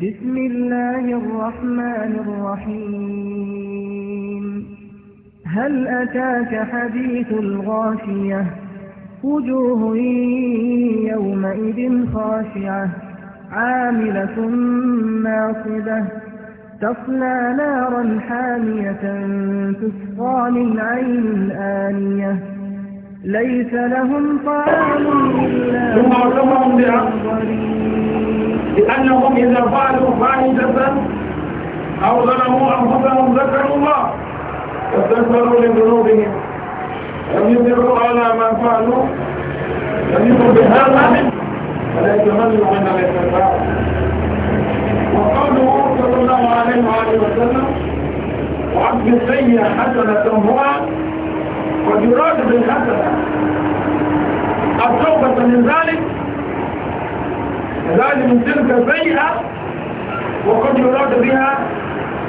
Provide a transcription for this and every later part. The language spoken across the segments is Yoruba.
بسم الله الرحمن الرحيم هل أتاك حديث الغاشية وجوه يومئذ خاشعة عاملة ناصبة تصلى نارا حامية تسقى من عين آنية ليس لهم طعام إلا من لأنهم إذا فعلوا فاحشة أو ظلموا أنفسهم ذكروا الله فاستغفروا لذنوبهم لم يصروا على ما فعلوا لم يصروا بهذا منه فلا يتمنوا من الاستغفار وقوله صلى الله عليه وآله وسلم وعبد السيئة حسنة هو وجراد بالحسنة التوبة من ذلك من تلك السيئة وقد يراد بها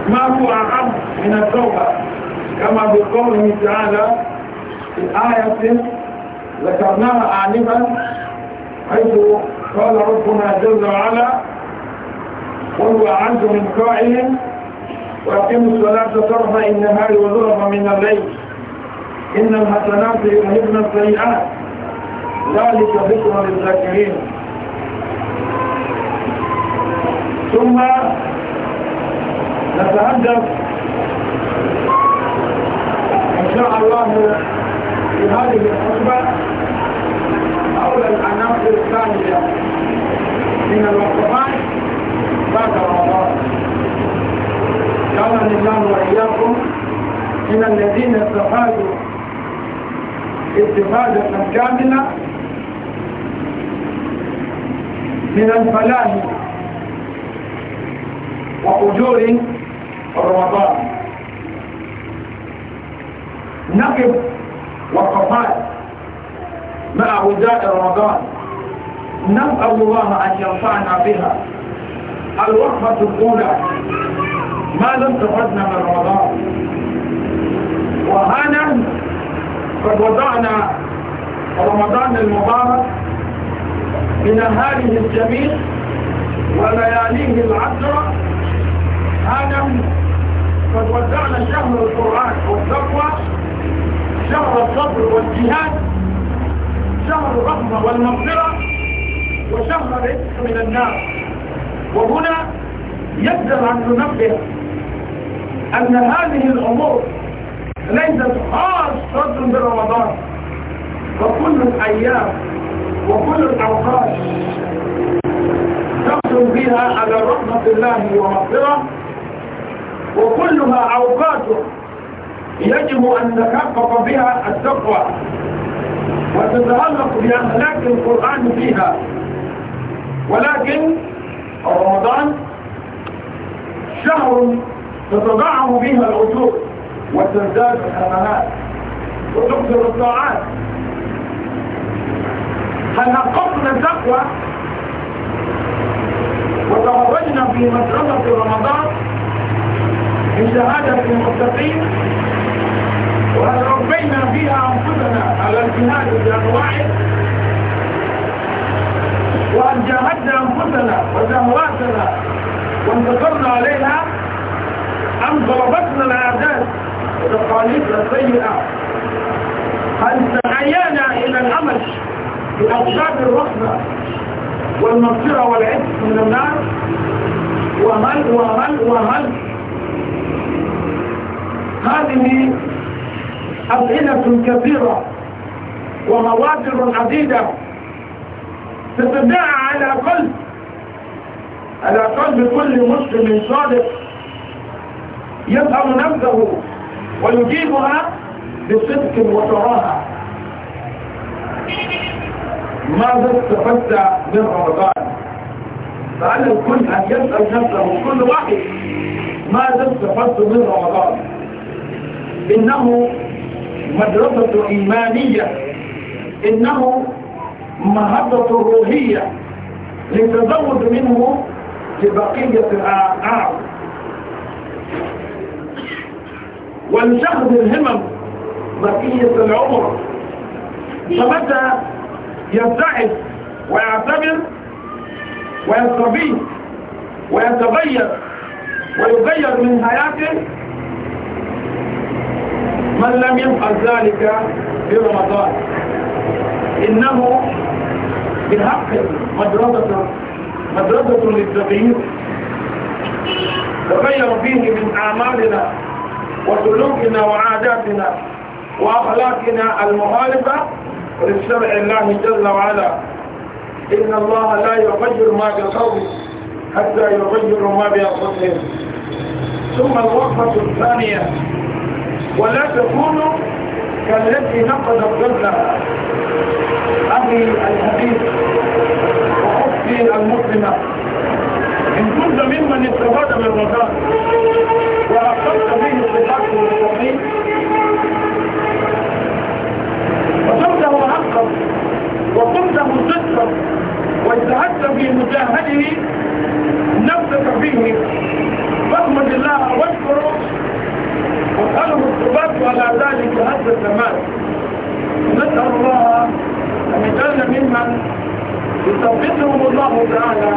ما هو أعم من التوبة كما بقوله تعالى في آية ذكرناها آنفا حيث قال ربنا جل وعلا قل وأعز من قائل وأقيموا الصلاة طرف النهار وظلما من الليل إن الحسنات يذهبن السيئات ذلك ذكر للذاكرين ثم نتحدث إن شاء الله في هذه الخطبة حول العناصر الثانية من الوقفات بعد رمضان جعلني الله وإياكم من الذين استفادوا استفادة كاملة من الفلاح وأجور رمضان نقب وقفال مع وداء رمضان نسأل الله أن ينفعنا بها الوقفة الأولى ما لم تفدنا من رمضان وهنا قد وضعنا رمضان المبارك من هذه الجميل ولياليه العشرة آدم قد وزعنا شهر القرآن والتقوى شهر الصبر والجهاد شهر الرحمة والمغفرة وشهر الرزق من النار وهنا يجب أن ننبه أن هذه الأمور ليست خاصة برمضان وكل الأيام وكل الأوقات تقدم بها على رحمة الله ومغفرة وكلها أوقات يجب أن نتحقق بها التقوى وتتعلق بأخلاق القرآن فيها ولكن رمضان شهر تتضاعف بها الأجور وتزداد الحسنات وتكثر الطاعات هل نقصنا التقوى وتخرجنا في مسألة رمضان من شهادة المتقين وهل ربينا بها أنفسنا على الجهاد بأنواعه وأن جاهدنا أنفسنا وزهواتنا وانتصرنا عليها أم ضربتنا العادات وتقاليدنا السيئة هل تعيانا إلى الأمل بأسباب الرحمة والمغفرة والعز من النار وهل وهل وهل هذه أسئلة كثيرة ومواقف عديدة تتبع على قلب على قلب كل مسلم صادق يسأل نفسه ويجيبها بصدق وتراها ماذا استفدت من رمضان فعلى الكل أن يسأل نفسه كل واحد ماذا استفدت من رمضان إنه مدرسة إيمانية إنه مهضة روحية للتزود منه لبقية الأعراض ولشخص الهمم بقية العمر فمتى يبتعد ويعتبر ويستبيد ويتغير ويغير من حياته من لم يفعل ذلك في رمضان إنه بالحق مدرسة مدرسة للتغيير تغير فيه من أعمالنا وسلوكنا وعاداتنا وأخلاقنا المخالفة للشرع الله جل وعلا إن الله لا يغير ما بقوم حتى يغير ما بأنفسهم ثم الوقفة الثانية ولا تكونوا كالذي نقد القبلة أبي الحديث وأختي المسلمة إن كنت ممن استفاد من رمضان وأخذت به الصفات المستقيم وصمته حقا وقمته صدقا واجتهدت في مجاهده نفسك فيه فاحمد الله واشكره كانوا الرباط على ذلك هذا الزمان نسأل الله أن يجعلنا ممن يثبتهم الله تعالى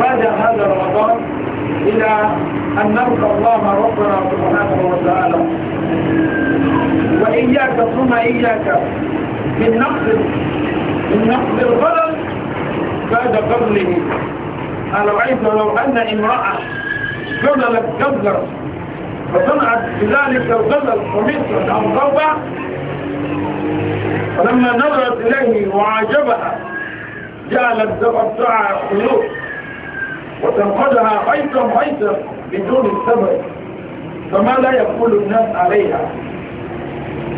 بعد هذا رمضان إلى أن نلقى الله ربنا سبحانه وتعالى وإياك ثم إياك من نقص من نقص الغلل بعد قبله أنا رأيت لو أن امرأة قبلت قبلت فصنعت بذلك الغزل خميصا عن ضربة فلما نظرت إليه وعجبها جعلت تقطع خيوط وتنقضها حيثا حيثا بدون سبب فما لا يقول الناس عليها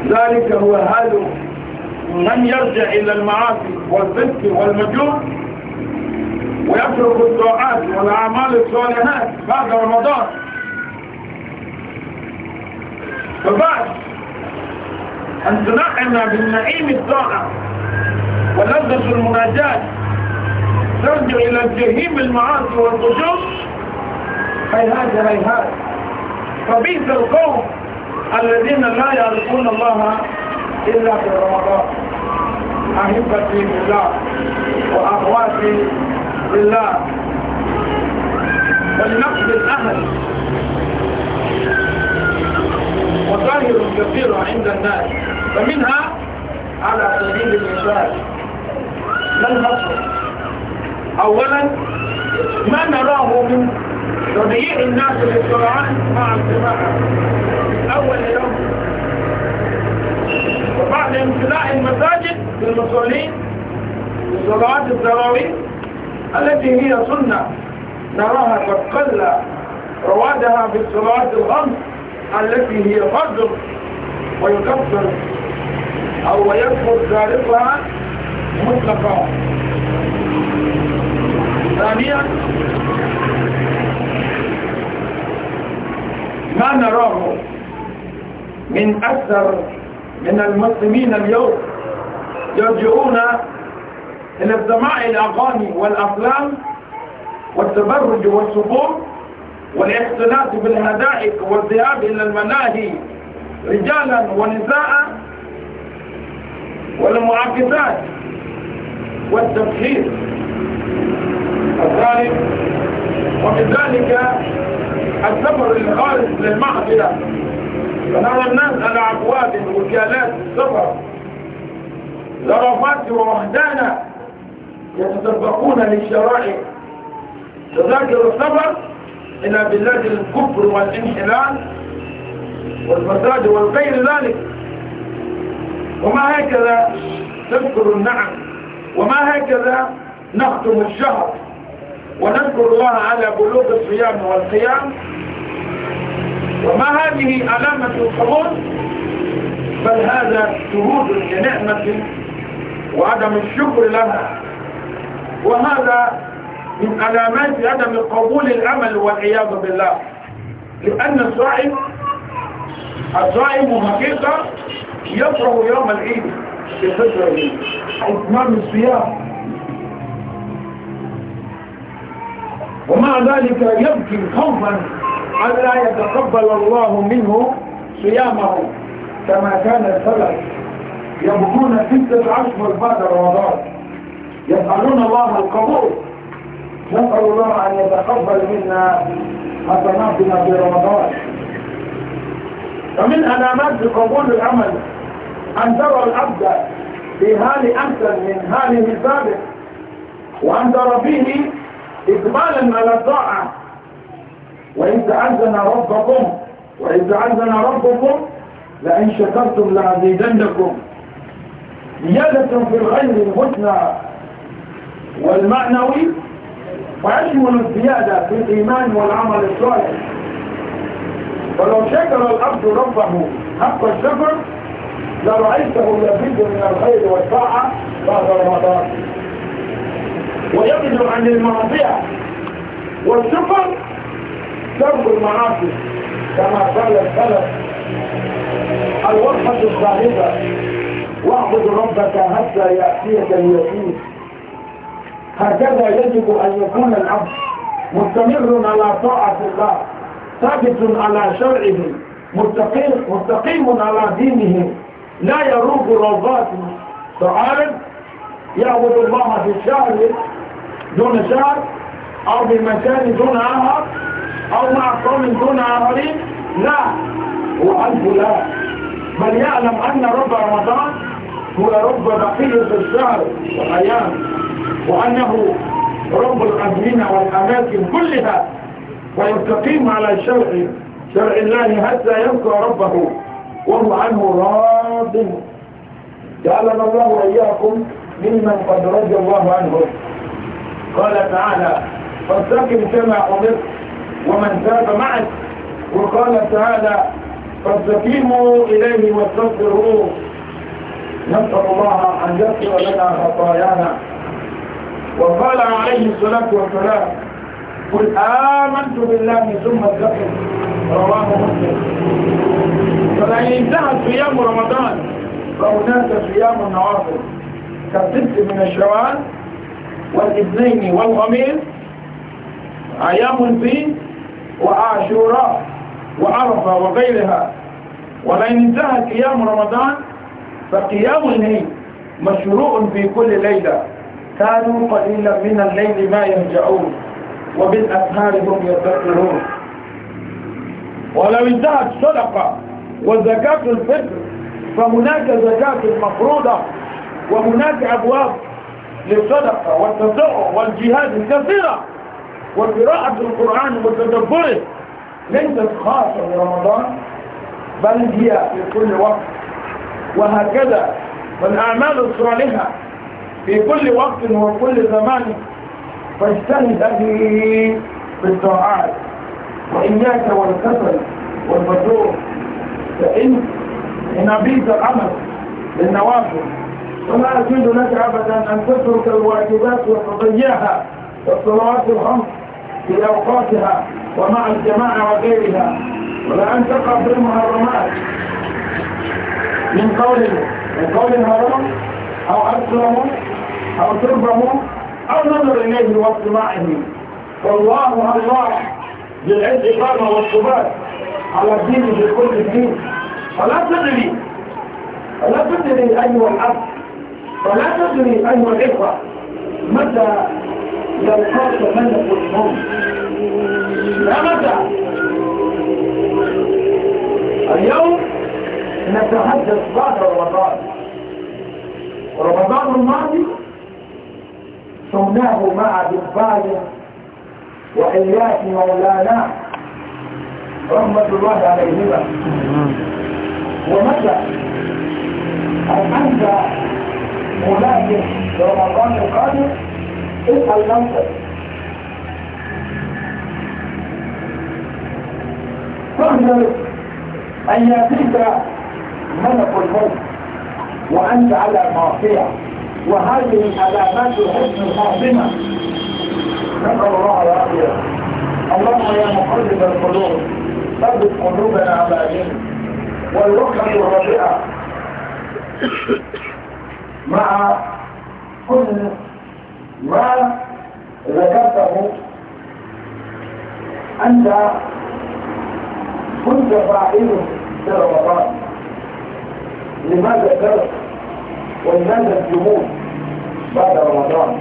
ذلك هو حال من يرجع إلى المعاصي والفسق والمجون ويترك الطاعات والأعمال الصالحات بعد رمضان فبعد أن تنعم بالنعيم الطاعة ولذة المناجاة ترجع إلى الجهيم المعاصي والفجور هيهات هيهات فبئس القوم الذين لا يعرفون الله إلا في رمضان أحبتي بالله وأخواتي بالله ولنقد الأهل مظاهر كثيرة عند الناس فمنها على سبيل المثال ما النصر أولا ما نراه من تضييع الناس للقرآن مع الجماعة أول يوم وبعد امتلاء المساجد للمصلين لصلوات التراويح التي هي سنة نراها قد قل روادها في الصلاه الخمس التي هي فجر ويكفر أو يكفر ذلكها مطلقا ثانيا ما نراه من أكثر من المسلمين اليوم يرجعون إلى السماع الأغاني والأفلام والتبرج والسقوط والاختلاط بالحدائق والذهاب إلى المناهي رجالا ونساء والمعاكسات والتبخير الثالث وبذلك السفر الخارج للمعبدة فنرى الناس على أبواب وكالات السفر زرافات ووحدانا يتسبقون للشرائع تذاكر السفر إلى بلاد الكفر والانحلال والفساد والغير ذلك وما هكذا تذكر النعم وما هكذا نختم الشهر ونذكر الله على بلوغ الصيام والقيام وما هذه علامة القبول بل هذا شهود لنعمة وعدم الشكر لها وهذا من علامات عدم قبول الامل والعياذ بالله لأن الصائم الصائم حقيقة يكره يوم العيد في اتمام الصيام ومع ذلك يبكي خوفا أن لا يتقبل الله منه صيامه كما كان السلف يبكون ستة أشهر بعد رمضان يسألون الله القبول نسأل الله أن يتقبل منا حسناتنا في رمضان ومن علامات قبول العمل أن ترى العبد في حال أحسن من حاله السابق وأن ترى فيه إقبالا على الطاعة وإن تعزنا ربكم وإن تعزنا ربكم لئن شكرتم لأزيدنكم زيادة في الغير الحسنى والمعنوي فيشمل الزيادة في الإيمان والعمل الصالح ولو شكر الأرض ربه حق الشكر لرأيته يزيد من الخير والطاعة بعد رمضان ويبدو عن المعصية والشكر ترك المعاصي كما قال السلف الوصفة الصالحة واعبد ربك حتى يأتيك اليقين هكذا يجب أن يكون العبد مستمر على طاعة الله ثابت على شرعه مستقيم, مستقيم على دينه لا يروق روضات تعالى يعبد الله في الشهر دون شهر أو بمكان دون آخر أو مع قوم دون آخرين لا وألف لا بل يعلم أن رب رمضان هو رب بقية الشهر والأيام وأنه رب الأزمنة والأماكن كلها ويستقيم على شرع شرع الله حتى يلقى ربه وهو عنه راض جعلنا الله وإياكم ممن قد رضي الله عنه قال تعالى فاستقم كما أمرت ومن تاب معك وقال تعالى فاستقيموا إليه واستغفروه نسأل الله أن يغفر لنا خطايانا وقال عليه الصلاة والسلام قل آمنت بالله ثم اتقوا رواه مسلم فلئن انتهى صيام رمضان فهناك صيام النوافل كالست من الشوال والاثنين والخميس أيام الفيل وعاشوراء وعرفة وغيرها ولئن انتهى قيام رمضان فقيام الليل مشروع في كل ليلة كانوا قليلا من الليل ما يرجعون وبالأسهار هم يذكرون ولو انتهت صدقة وزكاة الفطر فهناك زكاة مفروضة وهناك أبواب للصدقة والتزرع والجهاد كثيرة وقراءة القرآن وتدبره ليست خاصة برمضان بل هي في كل وقت وهكذا والأعمال الصالحة في كل وقت وكل زمان فاجتهد به بالدعاء وإياك والكسل والبذور فإن إن أبيت العمل للنوافل ولا أجد لك أبدا أن تترك الواجبات وتضيعها والصلوات الخمس في أوقاتها ومع الجماعة وغيرها ولا أن تقع في المحرمات من قول من قول هرم أو اسلم أو تربه أو نظر إليه واصطناعه والله الله قام والصبات على الدين بكل الدين فلا تدري فلا تدري أيها الأب فلا تدري أيها الإخوة متى يلقاك من الموت لا متى اليوم نتحدث بعد رمضان رمضان الماضي صمناه مع دبايا وإياك مولانا رحمة الله عليهما ومتى أن أنت ملاك رمضان القادم اسأل نفسك تحذر أن يأتيك ملك الموت وأنت على معصية وهذه علامات الحسن الخاصمة نسأل الله العافية اللهم يا مقلب القلوب ثبت قلوبنا على دينك والوقفة الرابعة مع كل ما ذكرته أنت كنت فاعله في رمضان لماذا ترك ولماذا الجمود بعد رمضان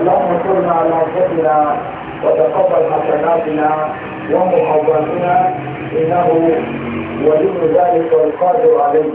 اللهم صل على انفسنا وتقبل حسناتنا ومحاولاتنا انه ولي ذلك والقادر عليه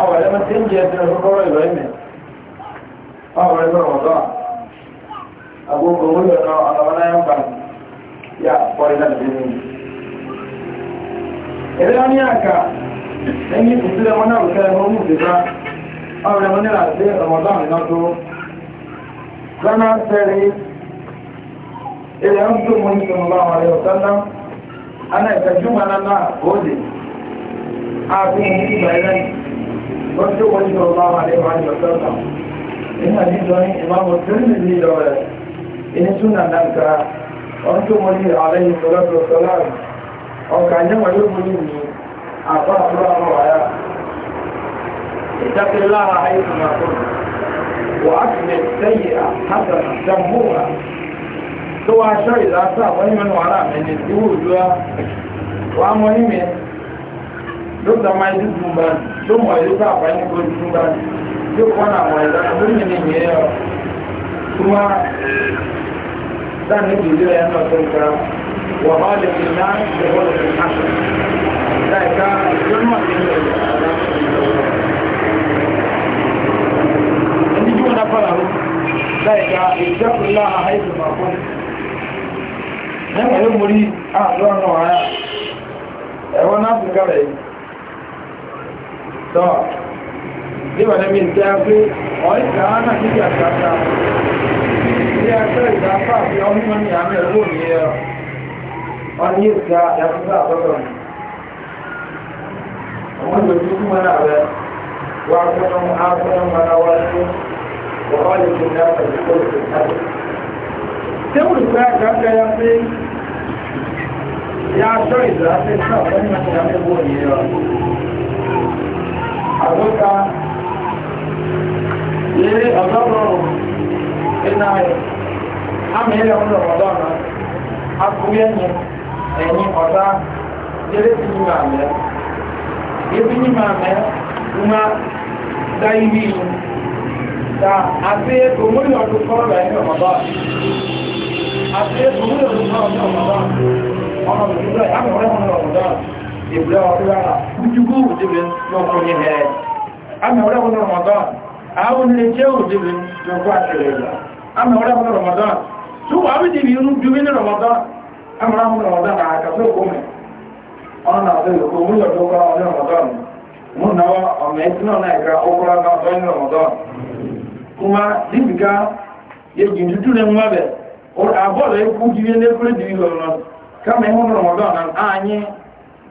ọ̀rọ̀ ẹ̀lẹ́mọ̀ tí ń jẹ́ ẹ̀sìn ọ̀rọ̀ ìlọ ìmẹ̀ ọ̀rọ̀ ẹ̀lẹ́mọ̀ ọ̀dọ́ agogo orí ọ̀nà ọ̀nà ẹ̀mbà yà pọ̀lẹ̀ náà lè ní ẹ̀rẹ́ wọn ní àkà ẹni ìpùsílẹ̀ wọn náà rùkẹ́ ẹ̀mọ́ mú ìdìbá ọ̀rọ̀ ẹ̀mọ́ nílà sí ọmọdán iná tó lọ́nà sẹ́rí ilẹ̀ ń tó mú ìsọmọlá wọn rẹ̀ ọ̀sánná ana ìtẹ̀júmọ̀ náà náà ó dì á fún ìgbà ẹ̀rẹ́ wọ́n tó wọ́n ní ọba wà ní wàá yọ sọ́tà nínú àdìsọ ní ìmáàmù tẹ́lẹ̀ ní ìlọ rẹ̀ ìní súnà nàǹkà wọ́n tó wọ́n ní ààrẹ yìí sọ́lá tó sọ́lá rẹ̀ ọkà ní wọ́n yóò múlò ní àbá àbúrò àwọn wàyà ìdákẹ́ lára ayé tó máa á ti lè sẹ́yìn àtàkà jàmbúwà tó wá aṣọ ìlàsà wọ́n ní mẹ́nu wàrà mẹ́ni tí wò ó dúró wà á mọ́ ní mẹ́ni ló ta máa ní fún bá ló mọ̀ ìlú bá àbá ní kó fún bá yóò kọ́ náà mọ̀ ìlú ló ní ní ìyẹn ọ kuma dáni ìlú ẹ̀ náà tó ń kra wà á lè fi náà ṣe wọ́n lè fi náà ṣe láì ká ló mọ̀ sí ilé ìlú àdá ẹni tí wọ́n náà fọ́nà ló láì ká ìjọkùnlá àhàìsùn àkọ́ ẹ̀wọ̀n ló mọ̀ rí àdúrà náà ẹ̀wọ̀n náà fi kárẹ̀ yìí tọ́ níwọ̀n mi jẹ́ pé ọ̀rẹ́ ìgbàwọ́n náà níbi àgbàgbà ilé ẹgbẹ́ ìgbàfà àti ọmọ mímọ́ ní àmì ẹ̀rọ ní ẹ̀rọ ọ̀rẹ́ yìí ga yàtúntà àtọ́tọ̀ ni ọmọ ìlú tó kúmọ́ náà rẹ̀ wà fẹ́ràn áfẹ́ràn mara wá sí wọ́n lè fi ní àpẹẹrẹ tó lè fi Tẹ́wùn ìgbà àgbàgbà ya pé ya aṣọ ìgbà àti àgbéka lérí ọ̀dọ́rọ̀ iná rẹ̀ àmì ilẹ̀ ọ̀dọ̀ ọ̀dọ́ a akúrí ẹ̀yìn ẹ̀yìn ọ̀dá lérí ti ní màá mẹ́ ebi ní màá mẹ́ ńlá dá ibi yìí ta àti òmúlì ọdún kọ́ọ̀rọ̀ ẹ̀yìn ọ̀dọ́ àti òmúlì ọdún kọ́ọ̀rọ̀ ẹ̀yìn ọ̀dọ́ ọ̀nà òṣìṣẹ́ àmì ọ̀rẹ́ ọ̀dọ́ ìbúlẹ̀ ọ̀pẹ́lá ojúgbó òdìbẹ̀ lọ́kọ́ ní ẹ̀ àmì ọ̀rẹ́wọ̀n ramadan àwọn ilé jẹ́ òdìbẹ̀ lọ́kọ́ àtẹ̀rẹ̀ ìlà àmì ọ̀rẹ́wọ̀n ramadan tó wà wídìbì inú jùmí ní ramadan àmì ọ̀rẹ́wọ̀n ramadan àkàtọ̀ òkúnmẹ̀ ọ̀nà àti ìlúkọ̀ múlò tó kọ́ ọdún ramadan mú náwọ́ ọmọ ẹ̀sìn náà náà ìkra ókúra náà ọdún ramadan kuma dìbìká yẹjì dúdú lẹ́nu wábẹ̀ àbọ̀lọ̀ ikú jìbí ẹni ẹkúrẹ́ jìbí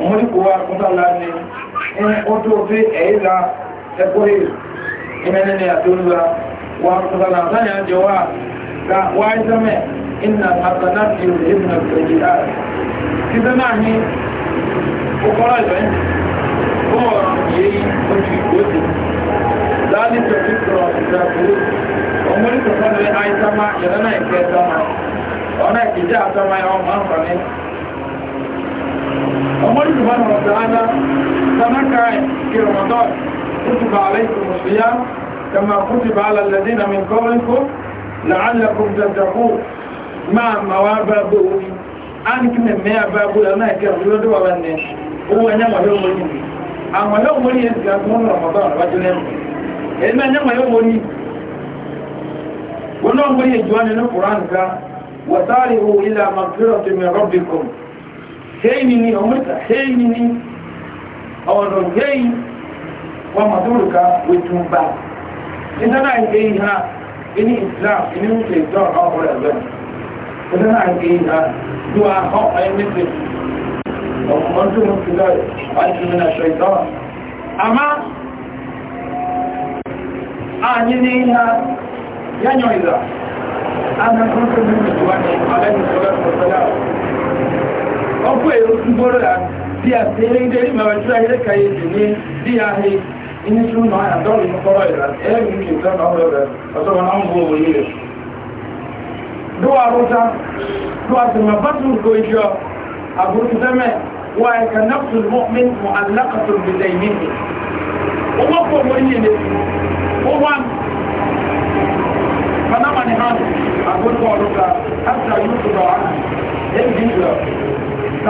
umulikuwa mutalani otofe eila ekuri imenene yatunza wa mutalani tanya jowa ka waizame inna hasanati yuzhibna sayyi'at kizanani ukola join ko yeyi oju igoti ذلك ذكر الذاكرين ومن تفضل أي سما يلنا يكي سما وأنا كجاء سما يوم أنفرني ọmọ ìjùmọ́ ọ̀rọ̀ tààdá sanaka ìrọ̀mọ́tọ́ kútùbà aláìkùn mùsùlùyá kama kútùbà alàlẹ́dí na min kọ́ríkó la'allakum tattaku máa mawa babu omi an kìnnà mẹ́ya babu da náà kẹ́ ọdúnlọ́dún wa wannan owó ẹ̀yẹ́ ilẹ̀ àmàkúrọ̀ tó mi حينني ومتى حينني أو الرجين ومدورك وتنبع إذا أنا إليها إني إسلام إني مثل الدار أو الأذن إذا أنا إليها دعاء حق أي مثل ومرجو من كذلك أنت من الشيطان أما أعنينيها ينعي ذا أنا كنت من الجوانين عليه الصلاة والسلام ọkọ̀ èrò gbọ́rọ̀ à bí a ti rí dérí mẹ́wàá tí a yẹ káyé jù ní bí a rí inú tí ó náà àdọ́rù ní kọ́rọ̀ ìrà ẹ̀rù ní ìjọba ọ̀rọ̀ rẹ̀ ọ̀tọ́ wọn náà ń gbọ́ òye rẹ̀ dúwà rúta dúwà tí ma bá tún kò ìjọ àbúrú sẹ́mẹ̀ wà ẹ̀kà náàtù mọ́mí mọ́ alákàtù bìlẹ̀ ìmìnì ó wọ́n kò mọ́ yìí ni ó wà panama ni hàn àbúrú ọ̀rúta àti àyúkù lọ́wọ́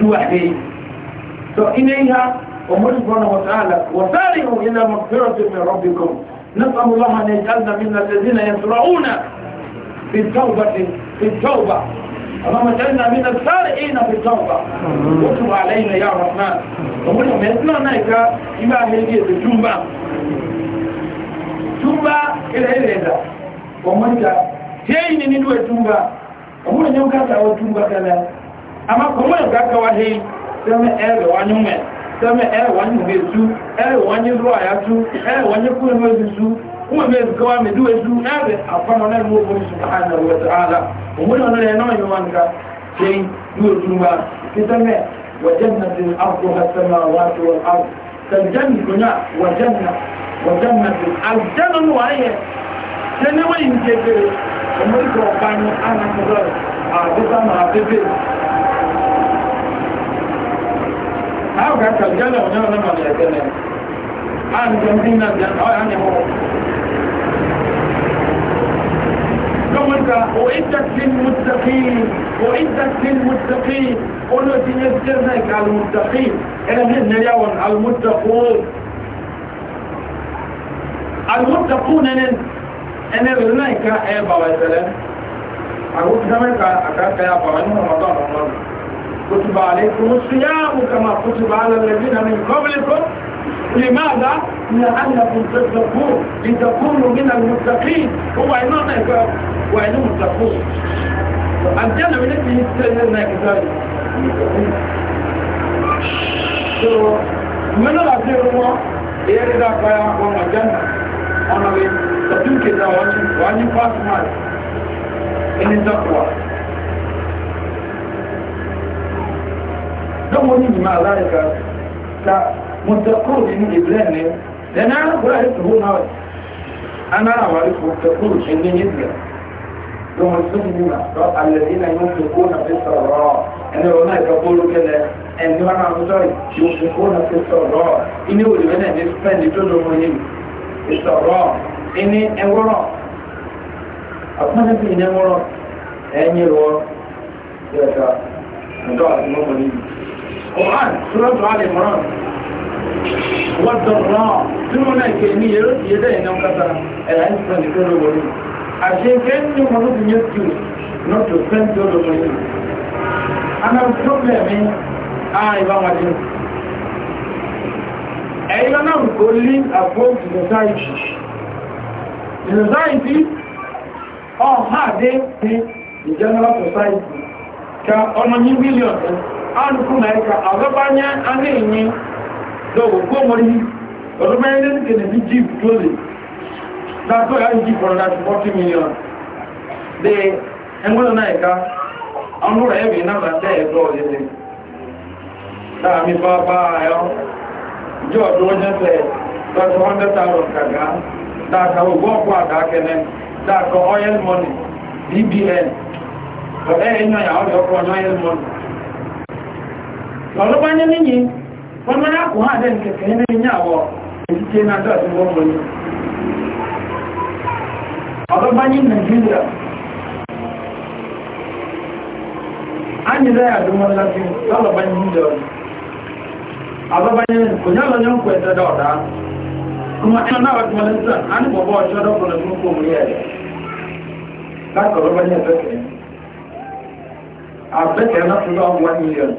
duwaɗe to ilaiha wa subhanahu wa ta'ala wa sari'u ila maghfiratin min rabbikum نسأل الله أن يجعلنا من الذين يسرعون في التوبة في التوبة اللهم اجعلنا من السارعين في التوبة وتب علينا يا رحمن ومنهم يسمعنا إذا إما هلقية الجنبة جنبة إلى إلى إذا ومنك تيني ندوى الجنبة ومن يوكاتا والجنبة كذا ama kuma ga ka wa hei sɛmɛ ɛrɛ wani mɛ sɛmɛ ɛrɛ wani mɛ su ɛrɛ wani ruwa ya su ɛrɛ wani kuma mɛ su kuma mɛ su kawa mɛ duwe su ɛrɛ afɔnɔ ne mu bɔ su ka hana wa ta mu na ne n'o yɛ wani ka sɛyi duwe su ba kisɛmɛ wa janna ti afɔ ka sɛmɛ waati wa aw kunya wa janna wa janna ti aljanna wa yɛ sɛnɛ wa yi ni kekere mu ni kɔrɔ ana kɔrɔ a bɛ ma a أو كانت الجنة ونرى لما الجنة أنا جنبين الجنة أو يعني هو ثم أنت أعدت للمتقين أعدت للمتقين قلوا تنزلنك على المتقين أنا من اليوم المتقون المتقون أنا أنا لناك أبا وسلام أقول كما كان أكاد يا أبا رمضان رمضان كتب عليكم الصيام كما كتب على الذين من قبلكم لماذا؟ لأنكم تتقون لتكونوا من المتقين هو عنوان وعنوان المتقون الجنة من التي يستجلنا كذلك من الأخير هو يريد إيه أقايا وما جنة أنا بي تتوكي ذا واجب واجب فاطمة إن التقوى don wani jima a zalika ta mutakuru shi ne ibrahim ne da na ana kura da tuhu na wani ana rawa da mutakuru shi ne ibrahim don wani sun yi ma don allazi na yi mutu ko na fi sarrawa náà kọ́ bóòlù kẹlẹ ní spẹ́ndì lọ́wọ́ yìí ìsọ̀rọ̀ ẹni ẹwọ́rọ̀ àpọ́nẹ́bí ní ẹ̀yìn rọ̀ ẹ̀ka ǹdọ́ àti mọ́mọ́ níbi. Quran Surah Al-Imran wọ́dọ̀rọ̀ tí wọ́n náà kè ní yẹ́rọ ti yẹ́dẹ̀ ìná kátà ẹ̀yà ìsìnkà nìkan ló wọlé àṣẹ ìfẹ́ ní wọn ló fi yẹ́ tù not to spend the other money ana problem a ìbá wọn jẹ́ ẹ̀yà náà kò live above the society the society ọ̀há dé ní the general society ka ọmọ ní mílíọ̀nù alùpùpù náà ẹ̀ka àgbẹ́bányá aná èyí lọ́wọ́ gbọ́mọ̀rí ọdún mẹ́rin ní ìdè ní jíìpù tó lè dákọ̀ yá jíìpù ọ̀rọ̀ láti 40 million dé ẹgbẹ́ náà ẹ̀ka ọmọ rẹ̀ ẹ̀mí náà bàtẹ́ ẹ̀dọ́ ọ̀dẹ́dẹ́ láàmì bá bá ayọ́ ìjọ ọdún ọjọ́ tẹ̀ lọ́sọ̀ 100,000 kàgá dákà ògbọ́ ọ̀pọ̀ àdákẹ́lẹ́ dákọ̀ oil money bbn ọ̀rẹ́ ẹ̀yàn yà ọ̀dọ̀ ọkọ̀ oil money ọlọ́pàá ní níyí wọ́n mọ́ láàkùn àdẹ́ ìkẹ̀kẹ́ ní ìyàwó èdíje náà dọ̀tí wọ́n mọ́ ní ọlọ́pàá ní nàìjíríà a ní rẹ̀ àdúmọ́ láti lọ́lọ́pàá ní ìjọba ọlọ́pàá ní kò ní ọlọ́yọ́ ń kọ ẹ̀sẹ̀ dọ̀ọ̀dá kuma ẹ̀yọ́ náà wọ́n ti wọ́n lẹ́sẹ̀ á ní bọ̀bọ̀ ọ̀ṣọ́ dọ́kùnrin fún kò mú yẹ̀ láti ọlọ́pàá ní ẹ̀fẹ́fẹ́ àbẹ́kẹ̀ẹ́ náà fún lọ́wọ́ 1 million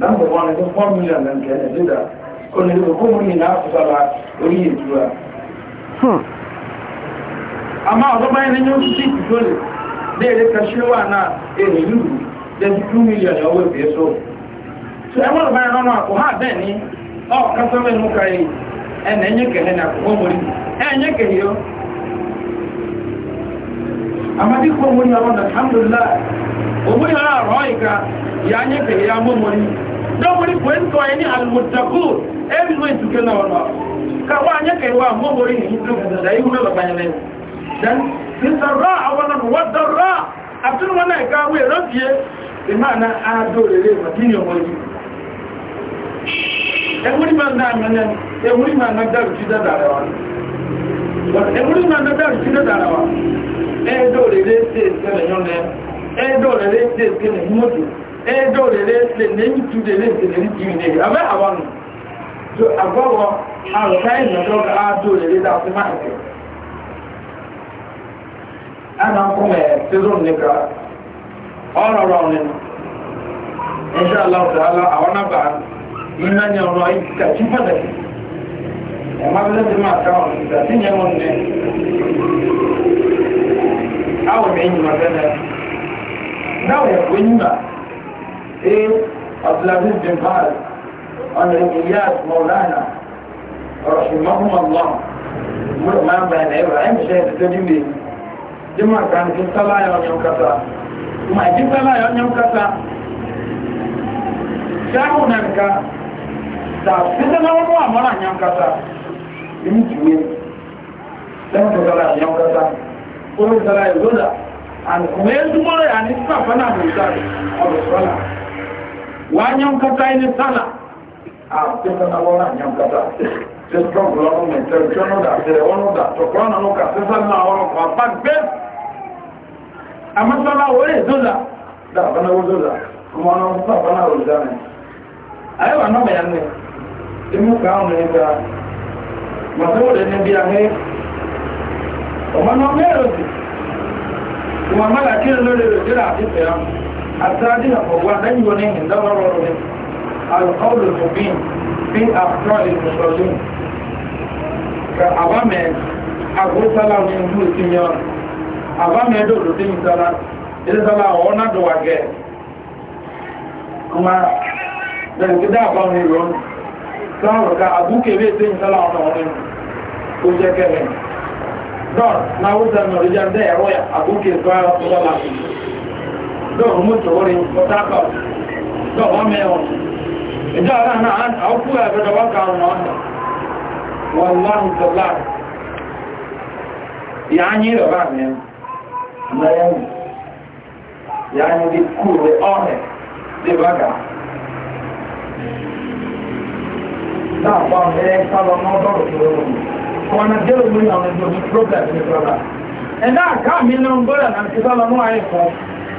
number one ẹgbẹ́ four million lẹ́nu kẹ́lẹ̀ dídà ó ní ìlú kó múni náà fún sábà orí ìtura. àmọ́ ọ̀dọ́gbọ́n ẹni ní oṣù sí ìtòlè déédéé kẹsíwá náà èrè yìí lẹ́sí two million ọwọ́ ìfẹ́ sọ. sọ ẹ wọ́n báyìí lọ́nà àpò ha bẹ́ẹ̀ ni ọ̀ kásánwó ẹnu ka yìí ẹnà ẹ̀yẹ kẹ̀hẹ́ ní àkókò mórí ẹ̀yẹ kẹ̀hẹ́ yọ. àmàdí kò mórí ọlọ́dà alhamdulilayi òmùdí ọlọ́ àrọ́ ìka yà á yẹ kẹ̀hẹ́ yà á mọ́ mórí dɔwɔri ko ɛni tɔɔ ɛni alimutaku ɛni n'o ye tukɛ na wɔlɔ ka wa ɲɛ kɛ wa mɔ wɔri ni yiri ko da ihu mɛlɛ banyɛ mɛ dan nisɔrɔ awɔna wa dɔrɔ a tun wɔ n'a ye k'a wɛ yɔrɔ fiyɛ ìmáàna àádọ́rẹ̀rẹ̀ ìwàdíni ọmọ yìí ẹgbùrímà náà mẹ́lẹ́ ẹgbùrímà náà dárù tí dára wa ẹgbùrímà náà dárù tí dára wa ẹ̀ẹ́dọ́rẹ̀rẹ̀ tẹ́ ìsẹ́lẹ̀ yọ́nà ẹ̀ẹ́dọ́rẹ̀rẹ̀ tẹ́ ìsẹ́lẹ̀ yọ́nà ẹjọ́ rere lè lẹ́yìn tú lè lè lè rí kí ní abẹ́ àwọn tó agbọ́wọ́ àrùká ìrìnàjọ́gá ájò rere dá sí máa ẹ̀kẹ́ a na kún ẹ̀ tízùn nìka ọ̀rọ̀rọ̀ nínú insha Allah ta'ala àwọn àbá iná ní ọ̀rọ̀ ìkàtí pàtàkì ẹ̀má bí lẹ́sìn máa ká ọ̀rọ̀ ìkàtí yẹn wọn ní àwọn èèyàn màgẹ́nẹ̀ dáwọ̀ ẹ̀kọ́ yìí في عبد العزيز بن باز عن الإياس مولانا رحمهم الله ما بين إبراهيم شهد تجمي جمع كان في الصلاة يوم يوم ما يجي صلاة يوم يوم كسا شاهو نبكا تفسدنا ونوع مرة يوم كسا يمجوين لم تصلاة يوم كسا قلوا صلاة يوم كسا عن كميل دمار يعني سفنا من ذلك أبو صلاة wa nyankata ini sana a tẹ́sán náà wọ́n nyankata ṣe strong lọ́wọ́ mi tẹ̀sí ọ̀nà dà tẹ̀sí ọ̀nà dà tọ̀kọ́ náà ló ka tẹ́sán náà wọ́n kọ́ apá gbé amásánná wọ́n lè zóza dà bana wọ́n zóza ọmọ náà wọ́n sábà náà wọ́n zá mi ayé wà nọ́mọ̀ yẹn ni imú kàánù yẹn ta màtọ́wọ́ lè ní bí ahé ọmọ náà mẹ́rin òsì ìwọ̀n mọ́lá kí ló lè rè السادسة هو نجوني من دور القول المبين في أخطاء المصلين كأبامي أقول سلام من كل سنيان أبامي دور سنين سلام إذا سلام هنا دواجه كما ذلك دا أبامي يقول سلام كأبوك بيت سنين سلام هنا كل شيء كهين دور ما وصل من رجال ده يا رويا أبوك يسوى رسول الله dọ̀rọ̀ mọ́tò orin port harcourt dọ̀wọ́ mẹ́wọ̀n ìjọ ara náà àwọ́kú ẹ̀bẹ̀rẹ̀ wọ́n ka ọ̀nà ọ̀nà wọ́n wọ́n tọ́lá ìyá anyi rọ̀bá mẹ́rin mẹ́rin ìyá anyi di kú rẹ̀ ọ̀rẹ̀ dé bàgà náà wọ́n mẹ́rin sábà mọ́ dọ̀rọ̀ tó rọrùn wọ́n na jẹ́rọ̀ mú ìyàwó ẹ̀dọ́ ní problem ní problem ẹ̀dá àká mi náà ń bọ́lá náà ti sábà mú àyè fún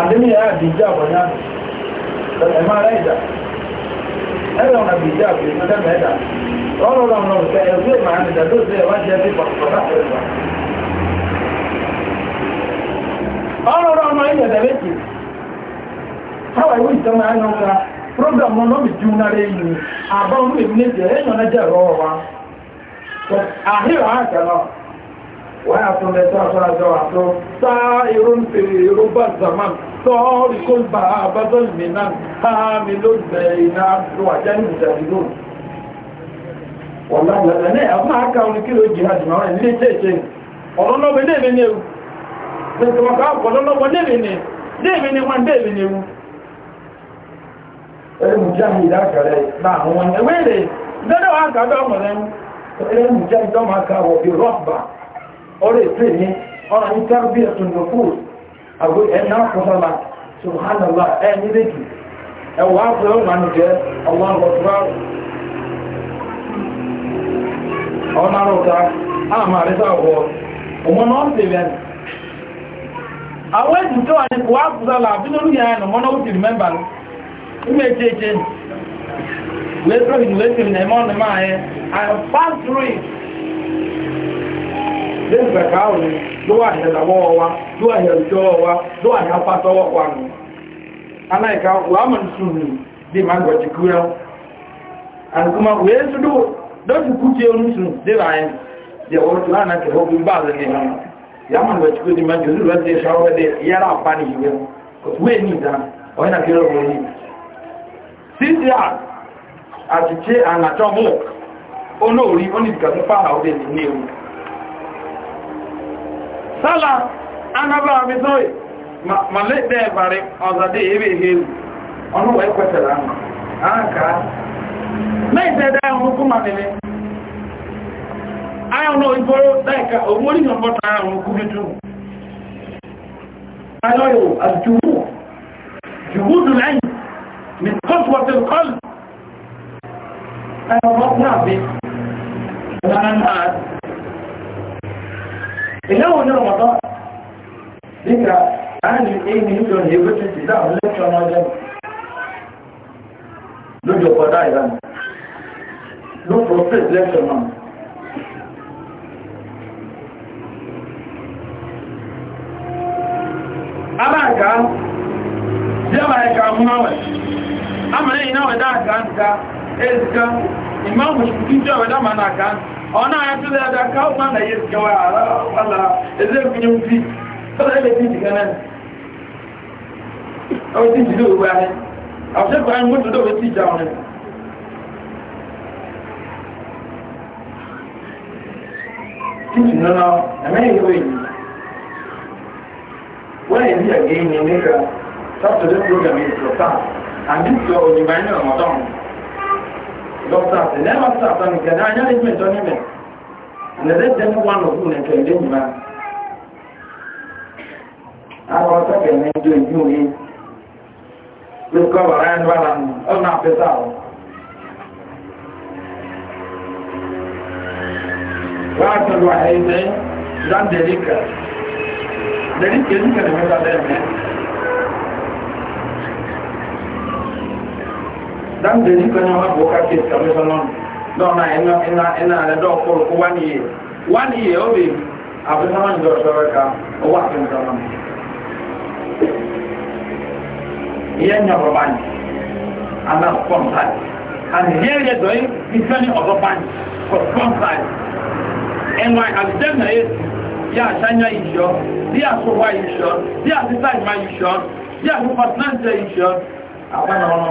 àdínní ẹ̀ àdìjà àbọ̀yá ẹ̀ máa rẹ̀ ìjà ẹ̀rọ ọ̀nà àdìjà àbòyá mẹ́ta mẹ́ta ọ̀rọ̀ ọ̀rọ̀ ọ̀nà òkè ẹ̀rú ẹ̀ máa nìjà tó ṣe ẹ̀wá jẹ́ bí pàtàkì ọ̀rọ̀ ọ̀rọ̀ ọ̀nà ìyẹ̀dẹ̀ méjì táwa ìwé ìtọ́mọ̀ ẹ̀ náà program wọn lọ́mì jù náà rẹ̀ yìí àbá ويعطون يتعطون سائر في ربى الزمان طارق الباب ظلمنا حامل بين عبد وجن جاهدون والله لا لا ما كان كيلو جهاد ما وين ليه تيتين ọlọ́nà ọbẹ̀ dẹ̀ na ewu tẹ́tẹ́ wọn káàkọ̀ ọlọ́nà ọbẹ̀ dẹ̀ mẹ́ni dẹ̀ mẹ́ni wọn dẹ̀ mẹ́ni ewu ẹ̀rẹ́mù jáde ìdákẹ̀rẹ́ náà wọn ẹ̀wẹ́rẹ́ lọ́dọ̀ wọn kàdọ̀ ọmọ rẹ̀ ẹ̀rẹ́mù jáde ọmọ akàwọ̀ bí rọ́ọ̀bà ọ̀rẹ́ ìpè ní ọ̀rọ̀ ní tẹ́rùbí ẹ̀tùn lòkú àgbo ẹ̀nà àkọsọ́lá subhanallah ẹ̀ ní lẹ́kì ẹ̀wọ̀ àpò ẹ̀wọ̀ máa ń jẹ́ ọ̀wọ́ àgọ̀túrà ọ̀nà àrọ̀ta àmà àrísà ọ̀wọ́ ọmọ náà ń tẹ̀lẹ̀ àwọn ẹ̀dùn tó wà ní kò àkọsọ́lá àbínú yà ẹ̀nà ọmọ náà ó ti rìmẹ́mbà ní ìmẹ̀ẹ́jẹ́ ìjẹ́ wẹ́ẹ́sọ̀rọ̀ ìlú wẹ́ẹ́sọ̀rọ̀ ìnẹ̀mọ́ ọ̀nà máa yẹ lẹ́yìn ìgbẹ̀ka ọ̀rẹ́ ló wà hẹ̀ lọ́wọ́ wa ló wà hẹ̀ lọ́wọ́ wa ló wà hẹ̀ apátọ́wọ́ wa nù aláìka wàhámà sùnù dé máa gbọ̀jì kúrẹ́ àdùkúmá wèé sódò lọ́jù kú tí oní sùn dé láyé dẹ̀ wọ́n tó ní hàn yàmà gbọ̀jì kúrẹ́ di máa jù lọ́wọ́ dé sáwọ́ dé yára àpá ní ìwé wéè ní ìdá ọ̀yìn àkẹ́rọ̀ wọ̀ ní. cdr àtìkẹ́ ànàtọ́ mọ̀ ó náà rí ó ní ìgbàgbọ́ pàhà ó dé ní ewu sala anaba mi ma le de bare ozade ebe he onu we kwetara aka me de da onu kuma ayo no iboro like omori no bota onu kubitu ayo aljumu جهود العين من قسوة القلب أنا ربنا بي na أنا ìnáwó ní ọmọdọ́ dịka a na-èyí nílò ní ewé títí dáhùn lẹ́kṣọ́ náà jẹ́ lójú ọ̀pọ̀dá ìlànà ló prọfẹ́t lẹ́kṣọ́ náà alága jẹ́wà ẹ̀ka múnáwẹ̀ amẹ́rin náà ẹ̀dá àkáǹkà ẹ̀ẹ́sìká ìmọ̀ òmùsùn náà àkáǹkà ọ̀nà àtúlẹ̀ ẹ̀dà káwọn náà yẹ kẹwà àrá ọ̀pàlà ẹ̀lẹ́ ìpínlẹ̀ fi tọ́lá ilẹ̀ tí ìdìkan náà ọ ti jìlẹ̀ òwe ahẹ́ àfẹ́kọ̀ọ́ ayé mọ́tò lóòwe tí ìjà ọ̀rẹ́ títì nínú ẹ̀mẹ́yìn ìwé yìí wọ́n yẹ bí ẹ̀gẹ́ yìí ní ẹ̀mẹ́ka sátọ̀dẹ́ program yìí sọ̀tà àdìsọ òyìnbá ẹ̀yìn ọ̀mọ̀dọ́rùn-ún dɔkta sɛ n'a ma se n'a y'a ye jumɛn n'ime na ndị de dɛmɛ wa nɔ nke nɛkɛ ne ɲuman a yɔrɔ tɛ kɛ ne jɔ ju ye bɛ kɔ n'a apịta sa o waa sɔrɔ a ye mɛ dan deli kɛ deli kɛ dan da ni kan ma boka ke ka me sanon no na ina ina ina da do ko ko wani ye wani ye o be abu sanon do so ka o wa ken sanon yen ya roban ana kon sai and here ye doing is any other band for kon sai and why have them is ya sanya isho dia so why isho dia sisa ma isho dia so partner isho àwọn ọmọ